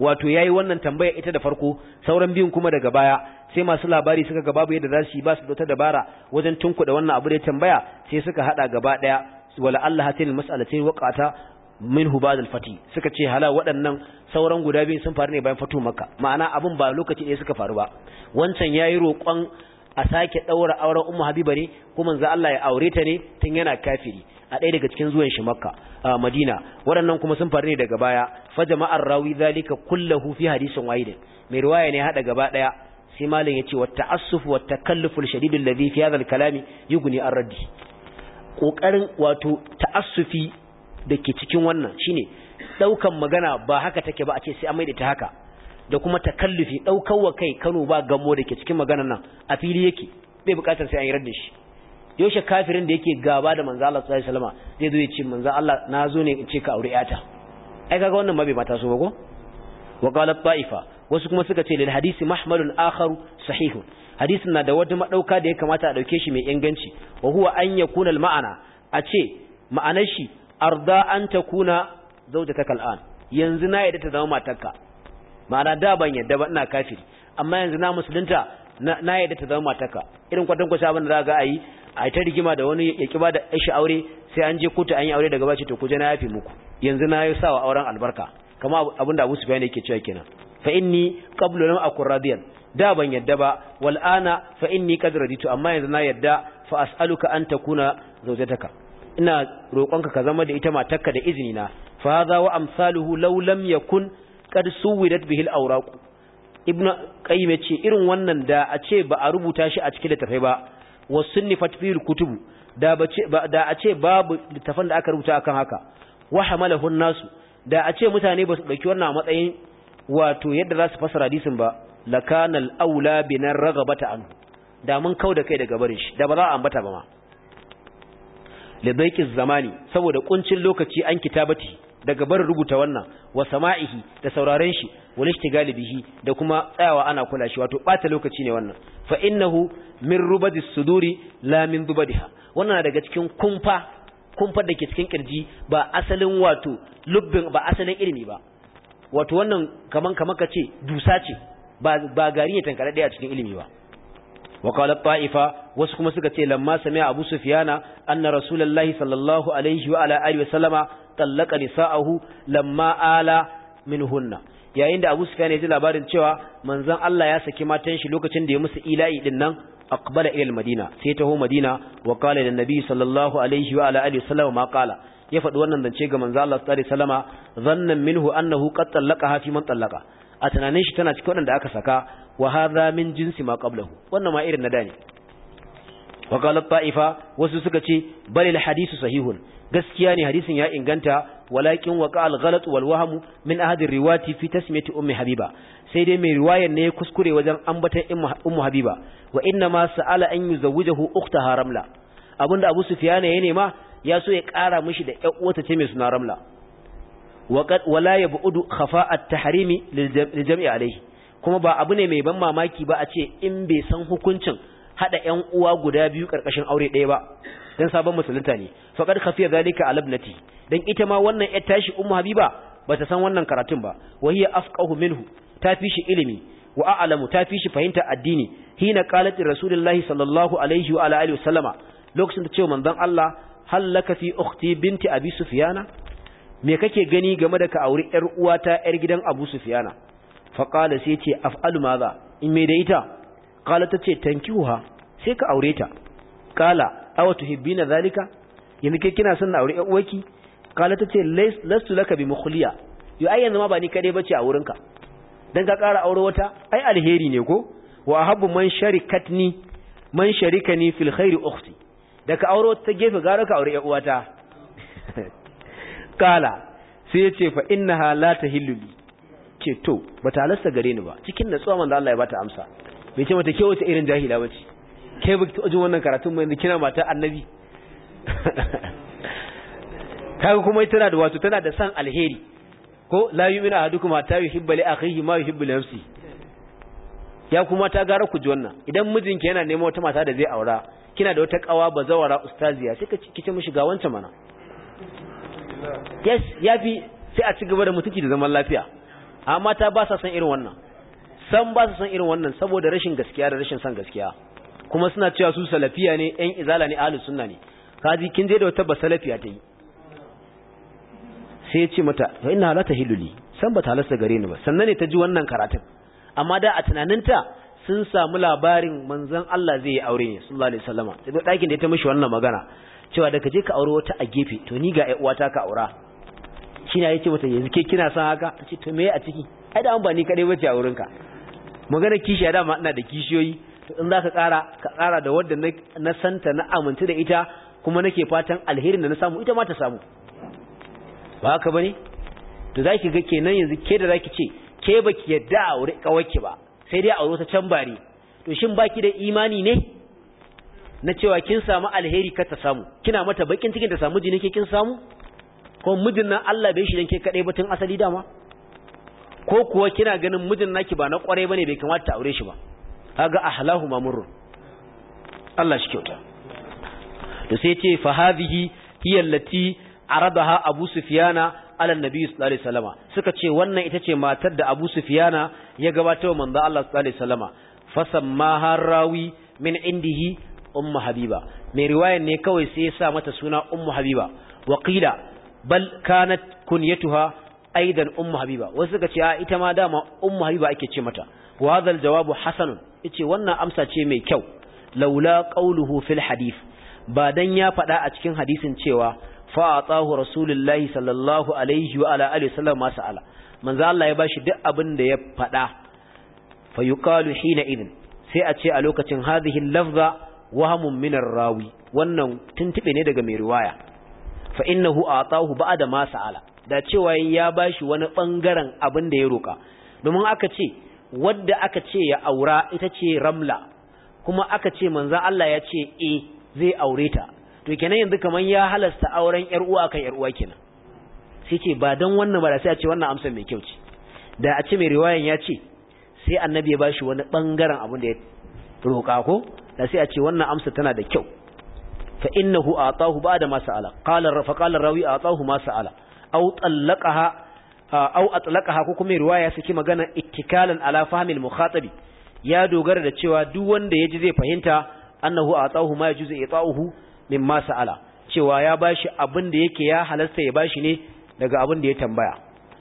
wato yayi wannan tambaya ita da farko sauran biyun kuma daga baya sai masu labari suka ga babu yadda za su yi ba su dauta dabara wajen da wannan abu da tambaya sai suka hada gaba daya wala Allah ni mas'alati waqata min hubad al-fati suka ce hala waɗannan sauran guda biyu sun faru ne bayan fatu makka ma'ana abun ba lokaci ne suka faru ba wancan yayi roƙon a sake daura auren ummu habiba ne ko manzo Allah ya aure ta ne tun yana kafiri a ɗaya daga cikin zuwan shi makka a madina waɗannan kuma sun faru ne daga baya fa jama'ar rawi zalika kullahu fi hadisin wahidin mai riwaya ne hada gaba ɗaya sai malam yace wa ta'assuf wa takalluful shadid alladhi fi hadha al-kalami yughni ar-raddi kokarin wato ta'assufi dake cikin wannan shine daukan magana ba haka take ba a ce sai an maida ta haka da kuma takallufi daukar wa kai Kano ba gamo da ke cikin maganar nan a fili yake bai bukatar sai an yi radda shi yaushe kafirin da yake gaba da manzo Allah sallallahu alaihi wasallam zai zo ya ce manzo Allah na zo ne in ce ka aure yata ai kaga wannan ma bai mata so ba ko wa qalat ta'ifa wasu kuma suka ce lil hadisi mahmalun akharu sahih hadisin na da wata madauka da ya kamata a dauke shi mai inganci wa huwa an yakuna al ma'ana a ce ma'anar shi arda an takuna zawjataka al'an yanzu na yadda ta zama matarka ma'ana da ban yadda ba ina kafiri amma yanzu na musulunta na yadda ta zama mataka irin kwadon kwasa abin da za ga ayi a ta rigima da wani ya kiba da ishi aure sai an je kotu an yi aure daga bace to kuje na yafi muku yanzu na yi sawa auren albarka kama abin da Abu Sufyan yake cewa kenan fa inni qablu lam akun radiyan da ban yadda ba wal ana fa inni qad raditu amma yanzu na yadda fa as'aluka an takuna zawjataka ina roƙonka ka zama da ita matarka da izini na fa hadha wa amsaluhu law lam yakun qad suwirat bihil awraq ibn qayyim yace irin wannan da a ce ba a rubuta shi a cikin littafai ba wa sunnifat fil kutub da da a ce babu littafan da aka rubuta akan haka wa hamalahu nasu da a ce mutane ba su dauki wannan a matsayin wato yadda za su fasara hadisin ba lakana al-aula binar ragabata an da mun kau da kai daga barin shi da ba za a ambata ba ma lidaiqi zamani saboda kuncin lokaci an kitabati daga barin rubuta wannan wa sama'ihi da sauraren shi wa lishtigali bihi da kuma tsayawa ana kula shi wato bata lokaci ne wannan fa innahu min rubadis suduri la min dubadiha wannan daga cikin kumfa kumfa da ke cikin kirji ba asalin wato lubbin ba asalin ilimi ba wato wannan kaman kaman ce, dusa ce ba gari ne tankare daya cikin ilimi ba wa qala wasu kuma suka ce lamma sami'a abu a anna rasulullahi sallallahu alaihi wa ala alihi wa sallama tallaqa lamma ala minhunna yayin da abu sufyana ya ji labarin cewa manzon Allah ya saki matan shi lokacin da ya musu ila'i din nan aqbala ila al-madina sai taho madina wa qala lin nabi sallallahu alaihi wa ala alihi ya faɗi wannan zance ga manzo Allah sallallahu alaihi wasallama zannan minhu annahu qad tallaqaha fi man tallaqa a tunanin shi tana cikin waɗanda aka saka wa hadha min jinsi ma qablahu wannan ma irin na da ne wa qala ta'ifa wasu suka ce balil hadisu sahihun gaskiya ne hadisin ya inganta walakin waqa al ghalat wal wahm min ahadi riwati fi tasmiyati ummi habiba sai dai mai riwayar ne kuskure wajen ambatan ummu habiba wa inna ma sa'ala an yuzawwijahu ukhtaha ramla abinda abu sufyan ya nema ya so ya kara mishi da yar uwata ce mai suna ramla wala yabudu khafa at tahrimi lil jam'i alayhi kuma ba abu ne mai ban mamaki ba a ce in bai san hukuncin hada ƴan uwa guda biyu ƙarƙashin aure ɗaya ba dan sabon musulunta ne faqad khafiya zalika ala ibnati dan ita ma wannan ƴar tashi ummu habiba bata san wannan karatun ba wa hiya afqahu minhu ta fi shi ilimi wa a'lamu ta fi shi fahimta addini hina qalat rasulullahi sallallahu alaihi wa alihi wasallama lokacin da cewa manzon Allah hallaka fi ukhti binti abi sufyana me kake gani game da ka aure ƴar uwata ƴar gidan abu sufyana faƙala sai ce af'alu maza in me da ita ƙala ta ce tankihuha sai ka aure ta ƙala awa tuhibbina zalika yanzu ke kina son na aure 'uwaki? ƙala ta ce lastu laka bi mukhliya yo ai yanzu ma ba ni ba bace a wurinka dan ka ƙara aure wata ai alheri ne ko wa ahabbu man sharikatni man sharikani fil khairi ukhti da ka aure wata gefe gara ka aure uwata (laughs) ƙala sai ya ce fa innaha la tahillu ce to ta halasta gare ni ba cikin natsuwa manzo Allah ya bata amsa Me ce mata ke wace irin jahila bace kai ba ki jin wannan karatun mai kina mata annabi (laughs) kaga kuma tana da wato tana da san alheri ko la yu'minu ahadukum hatta yuhibba li akhihi ma yuhibbu li nafsihi ya kuma ta gara ku ji wannan idan mijinki yana neman wata mata da zai aura kina da wata kawa bazawara ustaziya sai ka kice mishi ga wancan mana yes yafi sai a ci gaba da mutunci da zaman lafiya amma ta ba sa san irin wannan san ba sa san irin wannan saboda rashin gaskiya da rashin san gaskiya kuma suna cewa su salafiya ne yan izala ne ahlus sunna ne kaji kin je da wata ba salafiya ta yi sai ya ce mata wa inna la li san ba ta gare ni ba sannan ne ta ji wannan karatun amma da a tunaninta sun samu labarin manzon Allah zai yi aure ne sallallahu alaihi wasallama sai Dakin da ya ta mishi wannan magana cewa da ka je ka aure wata a gefe to ni ga ai uwata ka aura shine yake mata yanzu ke kina san haka ce to me a ciki ai da an ba ni kadai bace a wurinka magana kishi ya dama ina da kishiyoyi to in zaka kara ka kara da wanda na santa na amintu da ita kuma nake fatan alherin da na samu ita ma ta samu ba haka bane to zaki ga kenan yanzu ke da zaki ce ke baki yadda a wuri kawaki ba sai dai a wuri ta can bare to shin baki da imani ne na cewa kin samu alheri ka ta samu kina mata bakin cikin ta samu jini ke kin samu ko mijin nan Allah bai shi dan ke kadai ba tun asali dama ko kuwa kina ganin mijin naki ba na kwarai bane bai kamata ta aure shi ba kaga ahlahu mamurun Allah shi kyauta to sai ce fa hadhihi hiya allati aradaha Abu Sufyana ala Nabi sallallahu alaihi wasallama suka ce wannan ita ce matar da Abu Sufyana ya gabata wa manzo Allah sallallahu alaihi wasallama fa rawi min indihi ummu habiba mai riwayar ne kawai sai ya sa mata suna ummu habiba qila bal kanat kunyatuha aidan ummu habiba wasu suka ce a ita ma dama ummu habiba ake ce mata wa hadha jawabu hasanun yace wannan amsa ce mai kyau laula qawluhu fil hadith ba dan ya faɗa a cikin hadisin cewa fa atahu rasulullahi sallallahu alaihi wa ala alihi wasallam masala manzo Allah ya bashi duk abin da ya faɗa fa yuqalu hina idin sai a ce a lokacin hadhihi lafza wahamun min rawi wannan tuntube ne daga mai riwaya fa innahu atahu ba'da ma sa'ala da cewa ya bashi wani bangaren abin da ya roka domin aka ce wadda aka ce ya aura ita ce ramla kuma aka ce manzo Allah ya ce eh zai aure ta to kenan yanzu kaman ya halasta auren yar uwa kan yar uwa kenan sai ce ba dan wannan ba da sai a ce wannan amsar mai kyau ce da a ce mai riwayan ya ce sai annabi ya bashi wani bangaren abin da ya roka ko da sai a ce wannan amsa tana da kyau fa innahu atahu ba'da ma sa'ala qala fa qala rawi atahu ma sa'ala aw talaqaha aw atlaqaha ko kuma riwaya saki magana ittikalan ala fahmil mukhatabi ya dogara da cewa duk wanda yaji zai fahimta annahu atahu ma yajuzu ita'uhu mimma sa'ala cewa ya bashi abin da yake ya halasta ya bashi ne daga abin da ya tambaya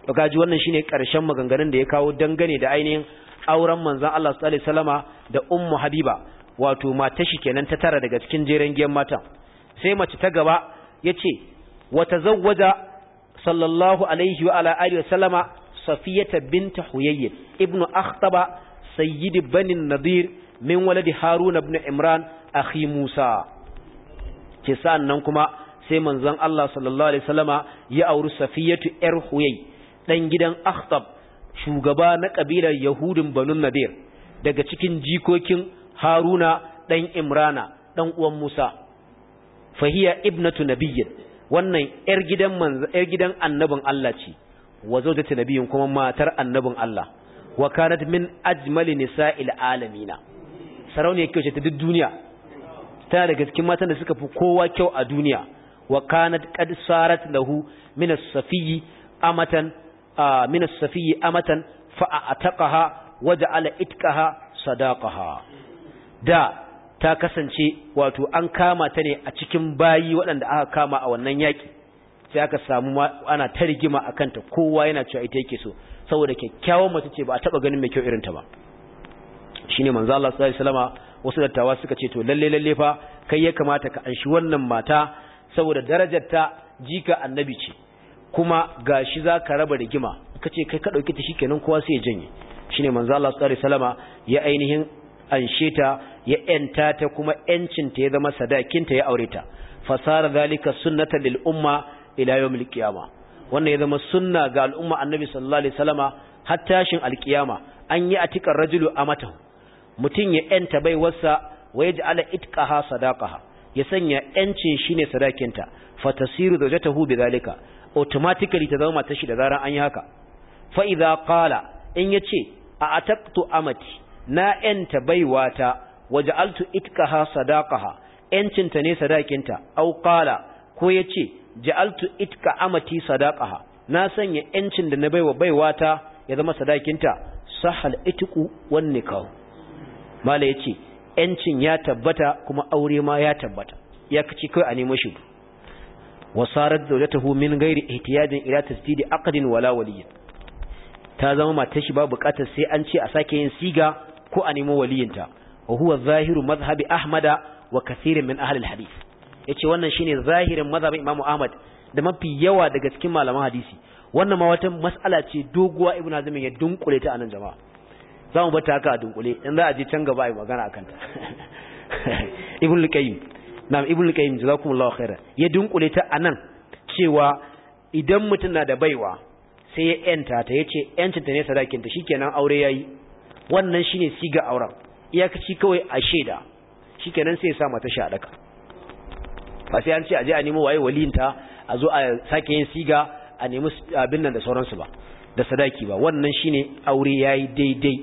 to wannan shine karshen maganganun da ya kawo dangane da ainihin auren manzon Allah sallallahu alaihi wasallama da ummu habiba wato mata shi kenan ta tara daga cikin jeren giyan mata sai mace ta gaba yace wata tazawwaja sallallahu alaihi wa ala alihi wa sallama safiyata binta huyayy ibnu akhtaba sayyidi bani nadir min waladi harun ibn imran akhi musa ce sannan kuma sai manzon Allah sallallahu alaihi wasallama ya auri safiyatu yar huyayy dan gidan akhtab shugaba na kabilar yahudin banu nadir daga cikin jikokin haruna ɗan imrana ɗan uwan musa fahiya ibnatu nabiyyin wannan yar gidan yar gidan annabin Allah ce wa zawjatu nabiyyin kuma matar annabin Allah wa kanat min ajmali nisa'il alamina sarauniya kyau ce ta duk duniya tana daga cikin matan da suka fi kowa kyau a duniya wa kanat qad sarat lahu min as-safiyyi amatan min as-safiyyi amatan fa ataqaha waja'ala itqaha sadaqaha da ta kasance wato an kama ta ne a cikin bayi waɗanda aka kama a wannan yaƙi sai aka samu ana ta rigima a kanta kowa yana cewa ita yake so saboda kyakkyawan mace ce ba a taɓa ganin mai kyau irinta ba Shi ne manzo Allah sallallahu alaihi wasallam wasu dattawa suka ce to lalle lalle fa kai ya kamata ka anshi wannan mata saboda darajar ta jika annabi ce kuma gashi za ka raba rigima kace kai ka dauki ta shikenan kowa sai ya janye shine manzo Allah sallallahu alaihi wasallam ya ainihin anshe ta ya yanta ta kuma yancin ta ya zama sadakinta ya aure ta fasara zalika sunnata lil umma ila yawmil wannan ya zama sunna ga al'umma annabi sallallahu alaihi har tashin alkiyama an yi tikar rajulu amata. mutum ya yanta baiwarsa wa ala itkaha sadaka. ya sanya yancin ne sadakinta ta hube zalika automatically ta zama matar shi da zaran an yi haka faiza ƙala in ya ce a ataqtu amati na yanta baiwata waja'altu itqaha sadakaha, yancinta ne sadakinta au qala ko yace ja'altu Itka amati sadakaha, na sanya yancin da na baiwa baiwata ya zama sadakinta sahal itqu wan nikah mala yace yancin ya tabbata kuma aure ma ya tabbata ya kace kai a nemo shi wasarar hu min gairi ihtiyajin ila tasdidi aqdin wala waliyyin ta zama mata shi babu bukatar sai an ce a sake yin siga ko a nemo waliyinta wa huwa zahiru mazhabi ahmada wa kasirin min ahli alhadith yace wannan shine zahirin mazhabin imamu ahmad da mafi yawa daga cikin malaman hadisi wannan ma wata mas'ala ce doguwa ibnu hazm ya dunkule ta anan jama'a za mu bata haka a dunkule in za a je can gaba ai magana akan ta (laughs) ibnu qayyim na'am ibnu qayyim jazakumullahu khairan ya dunkule ta anan cewa idan mutum na da baiwa sai ya yanta ta yace yancin ta ne sadakin ta shikenan aure yayi wannan shine siga auren iyakaci kawai a sheda shikenan sai ya sa mata shi a daka ba sai an ce je a nemo waye walinta a zo a sake yin siga a nemi abin nan da sauransu ba da sadaki ba wannan shine aure yayi daidai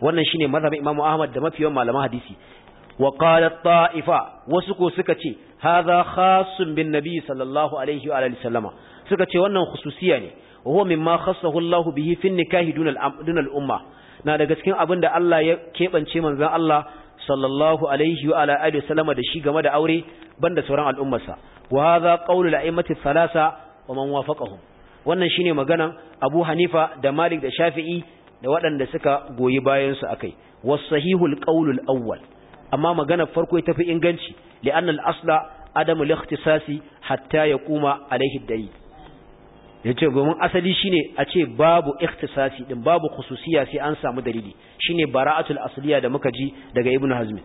wannan shine mazhabin Imam Ahmad da mafiyan malaman hadisi wa qalat ta'ifa wasu ko suka ce hadha khasun bin nabi sallallahu alaihi wa sallama suka ce wannan khususiya ne wa huwa mimma khassahu Allah bihi fi nikahi dun al umma na daga cikin abin da Allah ya keɓance manzon Allah sallallahu alaihi wa ala da shi game da aure banda sauran al'ummarsa wa hadha qawlu al-a'immati thalatha wa man wafaqahum wannan shine magana Abu Hanifa da Malik da Shafi'i da waɗanda suka goyi bayan su akai was sahihul qawlu al-awwal amma magana farko ita fi inganci li'anna al-asla adamu al-ikhtisasi hatta yaquma alaihi dalil yace domin asali shine a ce babu ikhtisasi din babu khususiya sai an samu dalili shine bara'atul asliya da muka ji daga ibnu hazm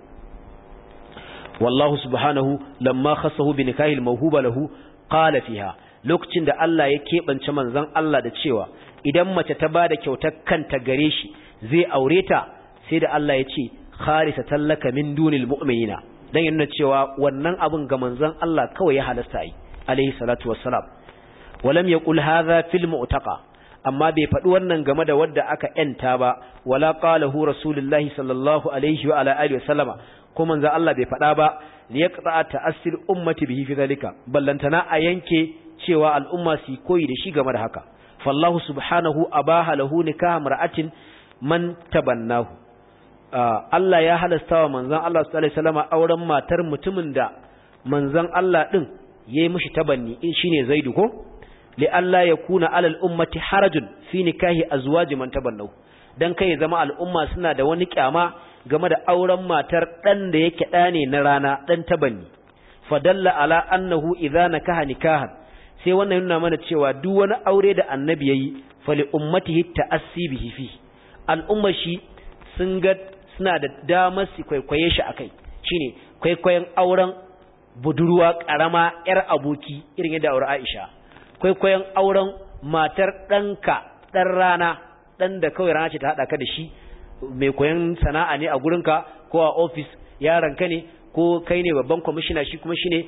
wallahu subhanahu lamma khassahu bi nikahil mawhuba lahu qala fiha lokacin da Allah ya keɓance manzon Allah da cewa idan mace ta bada kyautar kanta gare shi zai aure ta sai da Allah ya ce kharisa tallaka min dunil mu'minina dan yana cewa wannan abun ga manzon Allah kawai ya halasta yi alayhi salatu wassalam walam yaqul hadha fil mu'taqa amma bai faɗi wannan game da wadda aka ‘yanta ba, wala ƙalahu Rasulullahi sallallahu Alaihi wa Alaihi ko manzan Allah bai faɗa ba, da ya ƙasa ta'asir ummati bihi fi zalika, a yanke cewa al'umma su koyi da shi game da haka. Fallahu subhanahu a ba halahu nikaha mar'atin man tabannahu. Allah ya halasta wa manzan Allah sallallahu Alaihi wasallama auren matar mutumin da manzan Allah ɗin ya yi mishi tabanni, shine Zaidu ko? li'alla yakuna alal ummati harajun fi nikahi azwaji man tabannaw dan kai ya zama al'umma suna da wani kyama game da auren matar dan da yake da na rana dan tabanni fadalla ala annahu idza nakaha nikahan sai wannan yana mana cewa duk wani aure da annabi yayi fali ummatihi ta'assi bihi fi al'umma shi sun ga suna da damar su kwaikwaye shi akai shine kwaikwayen auren budurwa karama yar aboki irin yadda aure Aisha kwaikwayon auren matar ɗanka ɗan rana ɗan da kawai rana ce ta haɗa ka da shi mai koyon sana'a ne a gurinka ko a ofis ka ne ko kai ne babban kwamishina shi kuma shi ne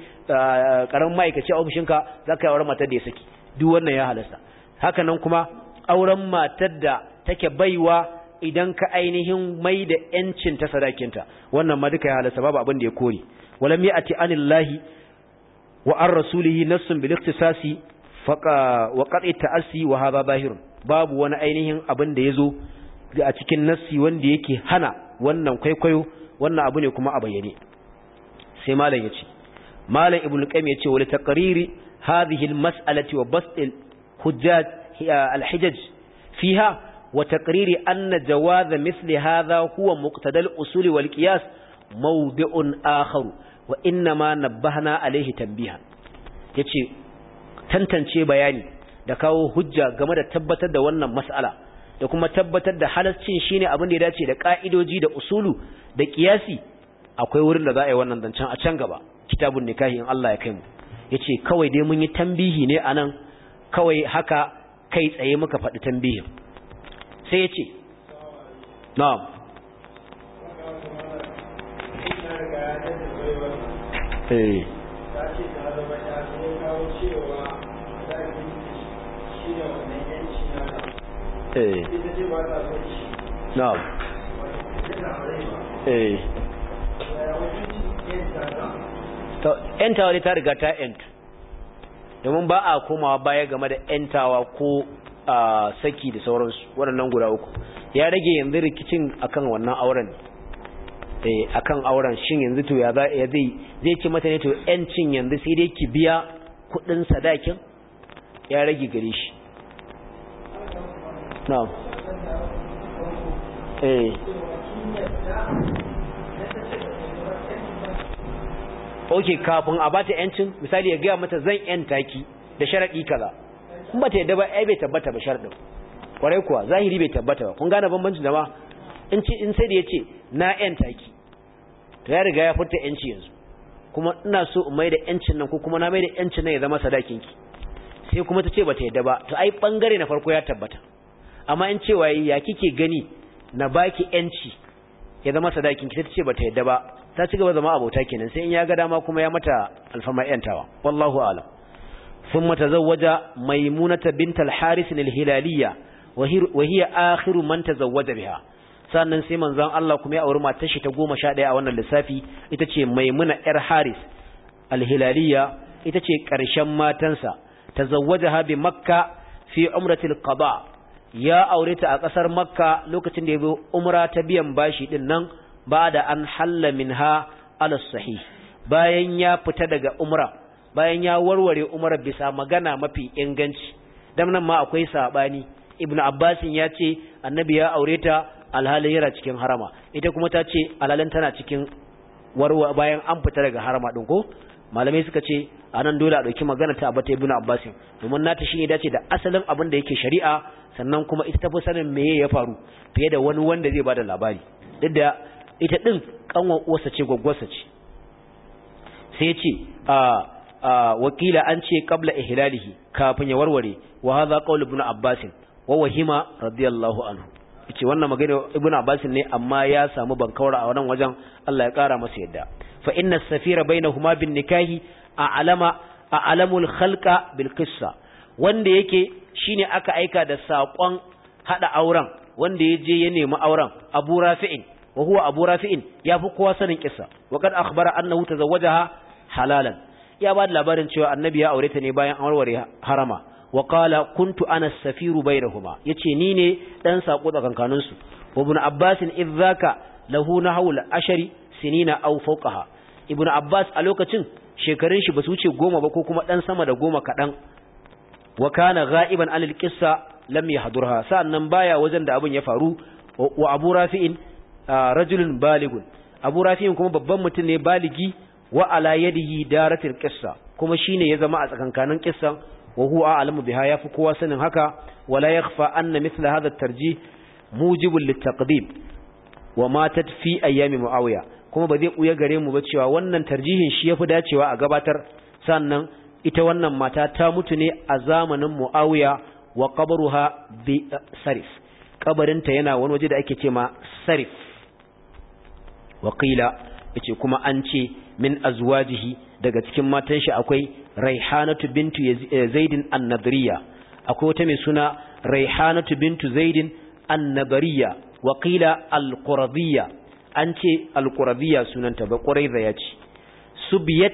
ƙaramin ma'aikaci a ofishinka za ka yi auren matar da ya saki duk wannan ya halasta haka nan kuma auren matar da take baiwa idan ka ainihin mai da ‘yancin ta sadakinta wannan ma duka ya halasta babu abin da ya kore walam ya ati anillahi wa an rasulihi nassun bil ikhtisasi faqa wa qat'i ta'assi wa hadha bahir babu wani ainihin abin da zo a cikin nassi wanda yake hana wannan kwaikwayo wannan abu ne kuma a bayyane sai malam ce. malam ibnu qayyim ya wa wani taqriri hadhihi al wa bast al-hujjat al fiha wa taqriri anna jawaz mithli hadha huwa muqtada al-usul wal mawdi'un akhar wa inma nabbahna alayhi tanbihan yace tantance bayani da kawo hujja game da tabbatar da wannan mas'ala da kuma tabbatar da halascin shine abin da ya dace da ka'idoji da usulu da kiyasi akwai wurin da za a yi wannan zancen a can gaba kitabun nikahi in Allah ya kai mu yace kawai dai mun yi tambihi ne a nan kawai haka kai tsaye muka faɗi tambihin sai yace na'am eh eh, eh. entawa ne ta riga ta ent domin ba a komawa baya game da entawa ko saki da sauransu waɗannan guda uku ya rage yanzu rikicin akan wannan auren eh, A kan auren shin yanzu to ya zai zai ce mata ne to yancin yanzu sai dai ki biya kudin sadakin ya rage gare shi na'am eh. oke kafin a bata yancin misali ya gaya mata zan yanta taki da sharadi kaza in bata yadda ba ai bai tabbata ba sharadin kwarai kuwa zahiri bai tabbata ba kun gane bambancin da ma in ce in sai da ya ce na yanta taki. to ya gaya ya furta yanci yanzu kuma ina so in mai da yancin nan ko kuma na mai da yancin nan ya zama sadakin ki sai kuma ta ce bata yadda ba to ai ɓangare na farko ya tabbata amma in cewa ya kike gani na baki yanci ya zama sadakin ki ce bata yadda ba ta ci gaba zama abota kenan sai in ya ga dama kuma ya mata alfama yantawa wallahu a'lam thumma tazawwaja maimunata bint al-haris al-hilaliyya wa hiya akhiru man tazawwaja biha sannan sai manzon Allah kuma ya auri matar shi ta 11 a wannan lissafi ita ce maimuna yar haris al-hilaliyya ita ce karshen matansa tazawwajaha bi makka fi umratil qada ya aure ta a ƙasar makka lokacin da ya bi umra ta biyan bashi din nan ba da an halla minha ala sahih bayan ya fita daga umra bayan ya warware umra bisa magana mafi inganci dan nan ma akwai saɓani. ibnu abbasin ya ce annabi ya aure ta alhali yana cikin harama ita kuma ta ce alhalin tana cikin warwa bayan an fita daga harama din ko malamai suka ce a nan dole a ɗauki magana ta abata ibn abbasin domin nata shi ne dace da asalin abin da yake shari'a sannan kuma ita tafi sanin meye ya faru fiye da wani wanda zai bada labari duk da ita din kanwan uwarsa ce gwaggwarsa ce sai ce a wakila an ce qabla ihlalihi kafin ya warware wa hadha qawl ibn abbasin wa wahima radiyallahu anhu ce wannan magana ibn abbasin ne amma ya samu bankawar a wannan wajen Allah ya kara masa yadda fa inna safira bainahuma bin nikahi a alama a alamul khalqa bil qissa wanda yake shine aka aika da sakon hada auren wanda ya je ya nemi auren Abu Rafi'in wa huwa Abu Rafi'in yafi kowa sanin kissa wa kad akhbara annahu tazawwajaha halalan ya ba da labarin cewa annabi ya aure ta ne bayan an warware harama wa qala kuntu ana safiru bainahuma yace ni ne dan sako tsakankanin su wa ibn abbas idzaka lahu nahwul ashari sinina aw fawqaha ibnu abbas a lokacin shekarun shi ba su wuce goma ba ko kuma dan sama da goma kaɗan wa kana gha'iban anil qissa lam yahdurha sa'annan baya wajen da abin ya faru wa abu rafi'in rajulun baligun abu rafi'in kuma babban mutum ne baligi wa ala yadihi daratil qissa kuma shine ya zama a tsakankanin qissan wa huwa a'lamu biha yafi kowa sanin haka wala yakhfa anna mithla hadha at-tarjih mujibun lit wa matat fi ayyami muawiya kuma ba zai ɓuya gare mu ba cewa wannan tarjihin shi ya fi dacewa a gabatar sannan ita wannan mata ta mutu ne a zamanin mu'awiya wa qabruha bi eh, sarif kabarinta yana wani waje da ake ce ma sarif Wakila. ya ce kuma an ce min jihi daga cikin matan shi akwai raihanatu bintu eh, zaidin annabariya akwai wata mai suna raihanatu bintu zaidin annabariya wakila wa al an ce Alƙurabiya sunanta ba quraiza ya ce subiyat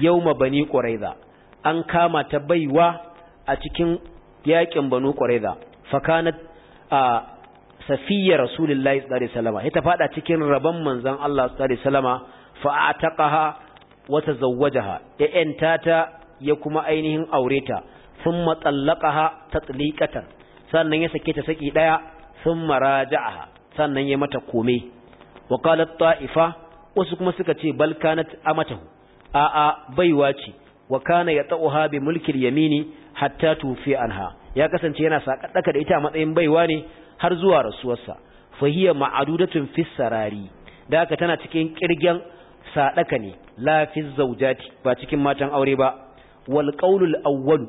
yau bani quraiza an kama ta baiwa a cikin yakin banu quraiza fakanat a safiya rasulullahi tsari salama ya ta fada cikin rabon manzan Allah sallallahu alaihi wasallama fa ataqaha wata tazawwajaha ya enta ta ya kuma ainihin aureta ha ta tsalikatar sannan ya sake ta saki ɗaya sun raja'aha sannan ya mata komai. wa qalat ta'ifa wasu kuma suka ce bal kanat amatahu a'a baiwa ce wa kana yata'uha bi mulkil yamini hatta tufi anha ya kasance yana daka da ita a matsayin baiwa ne har zuwa rasuwarsa fa hiya ma'adudatun fis sarari da haka tana cikin kirgen sadaka ne la fi zawjati ba cikin matan aure ba wal qawlul awwal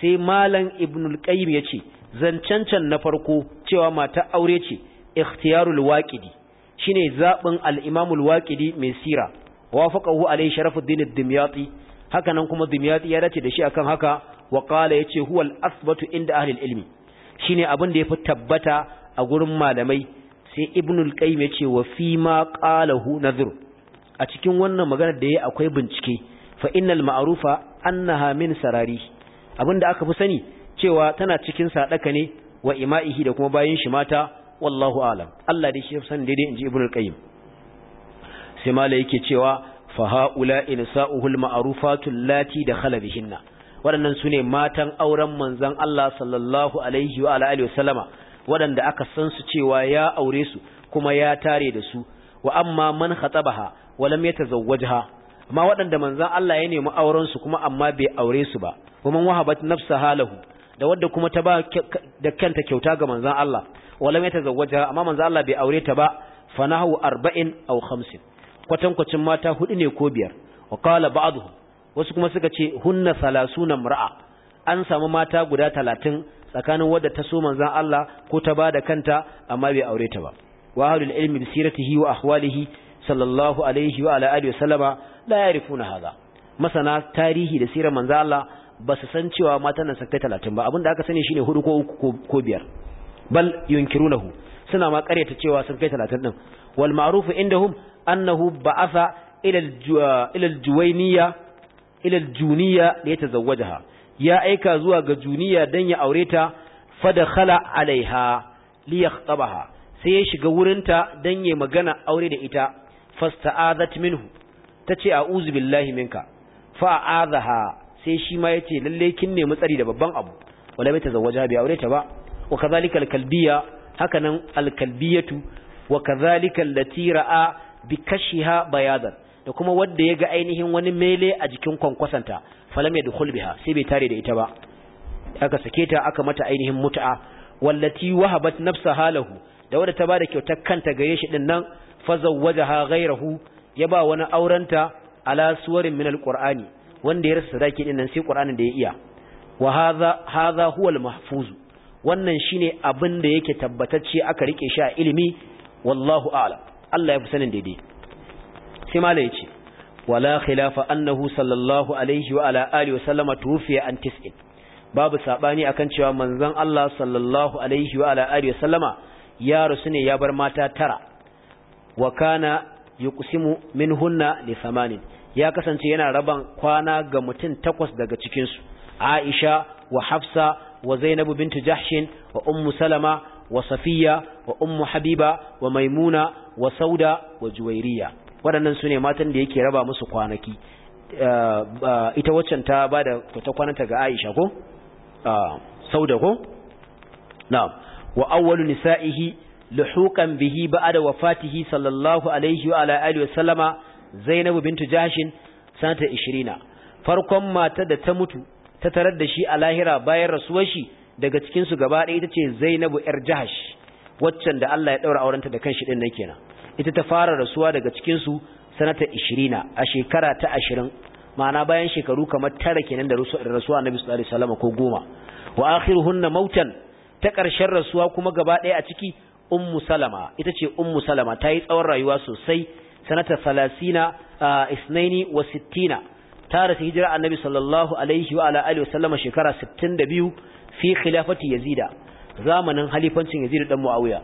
sai malam ya qayyim yace zancancan na farko cewa mata aure ce ikhtiyarul waqidi shine zabin al-Imam al-Waqidi mai sira wafaqahu alayhi Sharafuddin ad-Dimyati haka nan kuma Dimyati ya dace da shi akan haka wa qala yace huwa al-asbatu inda ahli al-ilmi shine abin da yafi tabbata a gurin malamai sai Ibn al-Qayyim yace wa fi ma qalahu nadhr a cikin wannan magana da yayi akwai bincike fa innal ma'rufa annaha min sarari abinda aka fi sani cewa tana cikin sadaka ne wa ima'ihi da kuma bayin shi mata wallahu alam Allah dai shi ya san daidai inji ibnu al-qayyim sai mala yake cewa fa haula insa'uhul ma'rufatu allati dakhala bihinna waɗannan sune matan auren manzon Allah sallallahu alaihi wa alihi wasallama waɗanda aka san su cewa ya aure su kuma ya tare da su wa amma man khatabaha wa lam yatazawwajha amma waɗanda manzon Allah ya nemi auren su kuma amma bai aure su ba kuma wahabat nafsaha lahu da wadda kuma ta ba da kanta kyauta ga manzon Allah walam yatazawwaja amma manzon Allah bai aure ta ba fanahu 40 aw 50 kwatankwacin mata hudu ne ko biyar wa qala wasu kuma suka ce hunna salasuna mar'a an samu mata guda 30 tsakanin wadda ta so manzon Allah ko ta ba da kanta amma bai aure ta ba wa ahlul ilmi bi siratihi wa ahwalihi sallallahu alaihi wa ala alihi wa sallama la yarifuna hadha masana tarihi da sirar manzon Allah ba su san cewa matan nan sakai talatin ba abinda aka sani shine hudu ko uku ko biyar bal yunkirunahu suna ma karyata cewa sun kai talatin din wal ma'rufu indahum annahu ba'atha ila ah, ila juwayniya ila juniya da yatazawwajaha ya aika zuwa ga juniya dan ya aure ta fadakhala alaiha ƙabaha sai ya shiga wurinta dan yayi magana aure da ita fasta'azat minhu tace a'udhu billahi minka fa'azaha sai shi ma yace lalle kin nemi tsari da babban abu wala bai tazawwaja bi aure ta ba wa kadhalika al-kalbiya hakanan al wa kadhalika allati ra'a bi kashiha bayadan da kuma wanda ya ga ainihin wani mele a jikin kwankwasanta falam yadkhul biha sai bai tare da ita ba aka sake ta aka mata ainihin mut'a wallati wahabat nafsaha lahu da wadda ta bada kyautar kanta gare shi din nan fazawwajaha ghayrahu ya ba wani aurenta ala suwarin min alqur'ani wanda ya rasa sadaki din nan sai Qur'anin da ya iya wa hadha hadha huwa al-mahfuz wannan shine abin da yake tabbatacce aka rike shi a ilimi wallahu a'lam Allah ya fi sanin daidai sai malai ya ce wala khilafa annahu sallallahu alaihi wa ala alihi wa sallama tufiya an tis'in babu sabani akan cewa manzon Allah sallallahu alaihi wa ala alihi wa sallama ya rusu ne ya bar mata tara wa kana yuqsimu minhunna li thamanin ya kasance yana raban kwana ga mutum takwas daga cikinsu aisha wa hafsa wa zainabu bintu jahshin wa ummu salama wa safiya wa ummu habiba wa maimuna wa sauda wa juwairiya waɗannan su ne matan da yake raba musu kwanaki eh, eh, ita waccan ta ba da ta kwananta ga aisha ko ah, sauda ko na'am wa awwalu nisa'ihi luhuqan bihi ba'da wafatihi sallallahu alaihi wa ala alihi wa sallama Zainabu bintu Jashin sanata 20 farkon mata da ta mutu ta tarar da shi a lahira bayan rasuwar shi daga cikinsu su gaba ɗaya ita ce Zainabu yar Jahash waccan da Allah ya daura aurenta da kanshi din nan kenan ita ta fara rasuwa daga cikinsu su sanata 20 a shekara ta 20 ma'ana bayan shekaru kamar tara kenan da rasuwa Annabi sallallahu alaihi wasallam ko goma wa akhiruhunna mautan ta ƙarshen rasuwa kuma gaba ɗaya a ciki ummu salama ita ce ummu salama ta yi tsawon rayuwa sosai sanata salasina isnaini wa sittina ta rasu hijira annabi sallallahu alaihi wa ala alihi sallama shekara 62 fi khilafati yazida zamanin halifancin yazid dan muawiya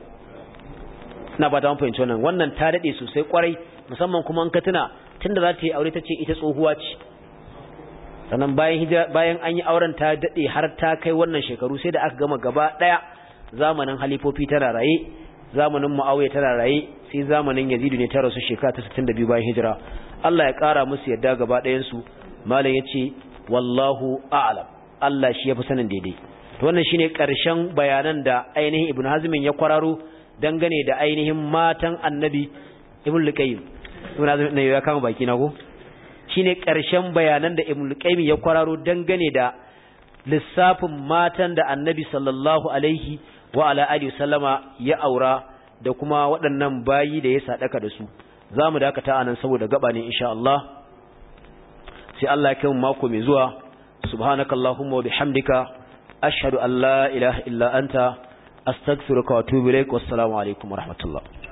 ina ba ta mun fahimci wannan wannan ta dade sosai kwarai musamman kuma an ka tuna tunda za ta yi aure ta ce ita tsohuwa ce sannan bayan hijira bayan an yi auren ta dade har ta kai wannan shekaru sai da aka gama gaba ɗaya. zamanin halifofi tana raye zamanin Muawiya tana raye sai zamanin Yazidu ne ta rasu shekara ta 62 bayan hijira Allah ya kara musu yadda gaba ɗayan su malam ce wallahu a'lam Allah shi yafi sanin daidai to wannan shine karshen bayanan da ainihin Ibn Hazm ya kwararo dangane da ainihin matan Annabi Ibn Luqayyim Ibn Hazm ne ya kama baki na ko shine karshen bayanan da Ibn Luqayyim ya kwararo dangane da lissafin matan da Annabi sallallahu alaihi wa ala alihi sallama ya aura da kuma waɗannan bayi da ya sadaka da su zamu dakata anan saboda gaba ne insha Allah sai Allah ya kai mu mako mai zuwa subhanakallahumma wa bihamdika ashhadu an la ilaha illa anta astaghfiruka wa atubu ilaik wassalamu alaikum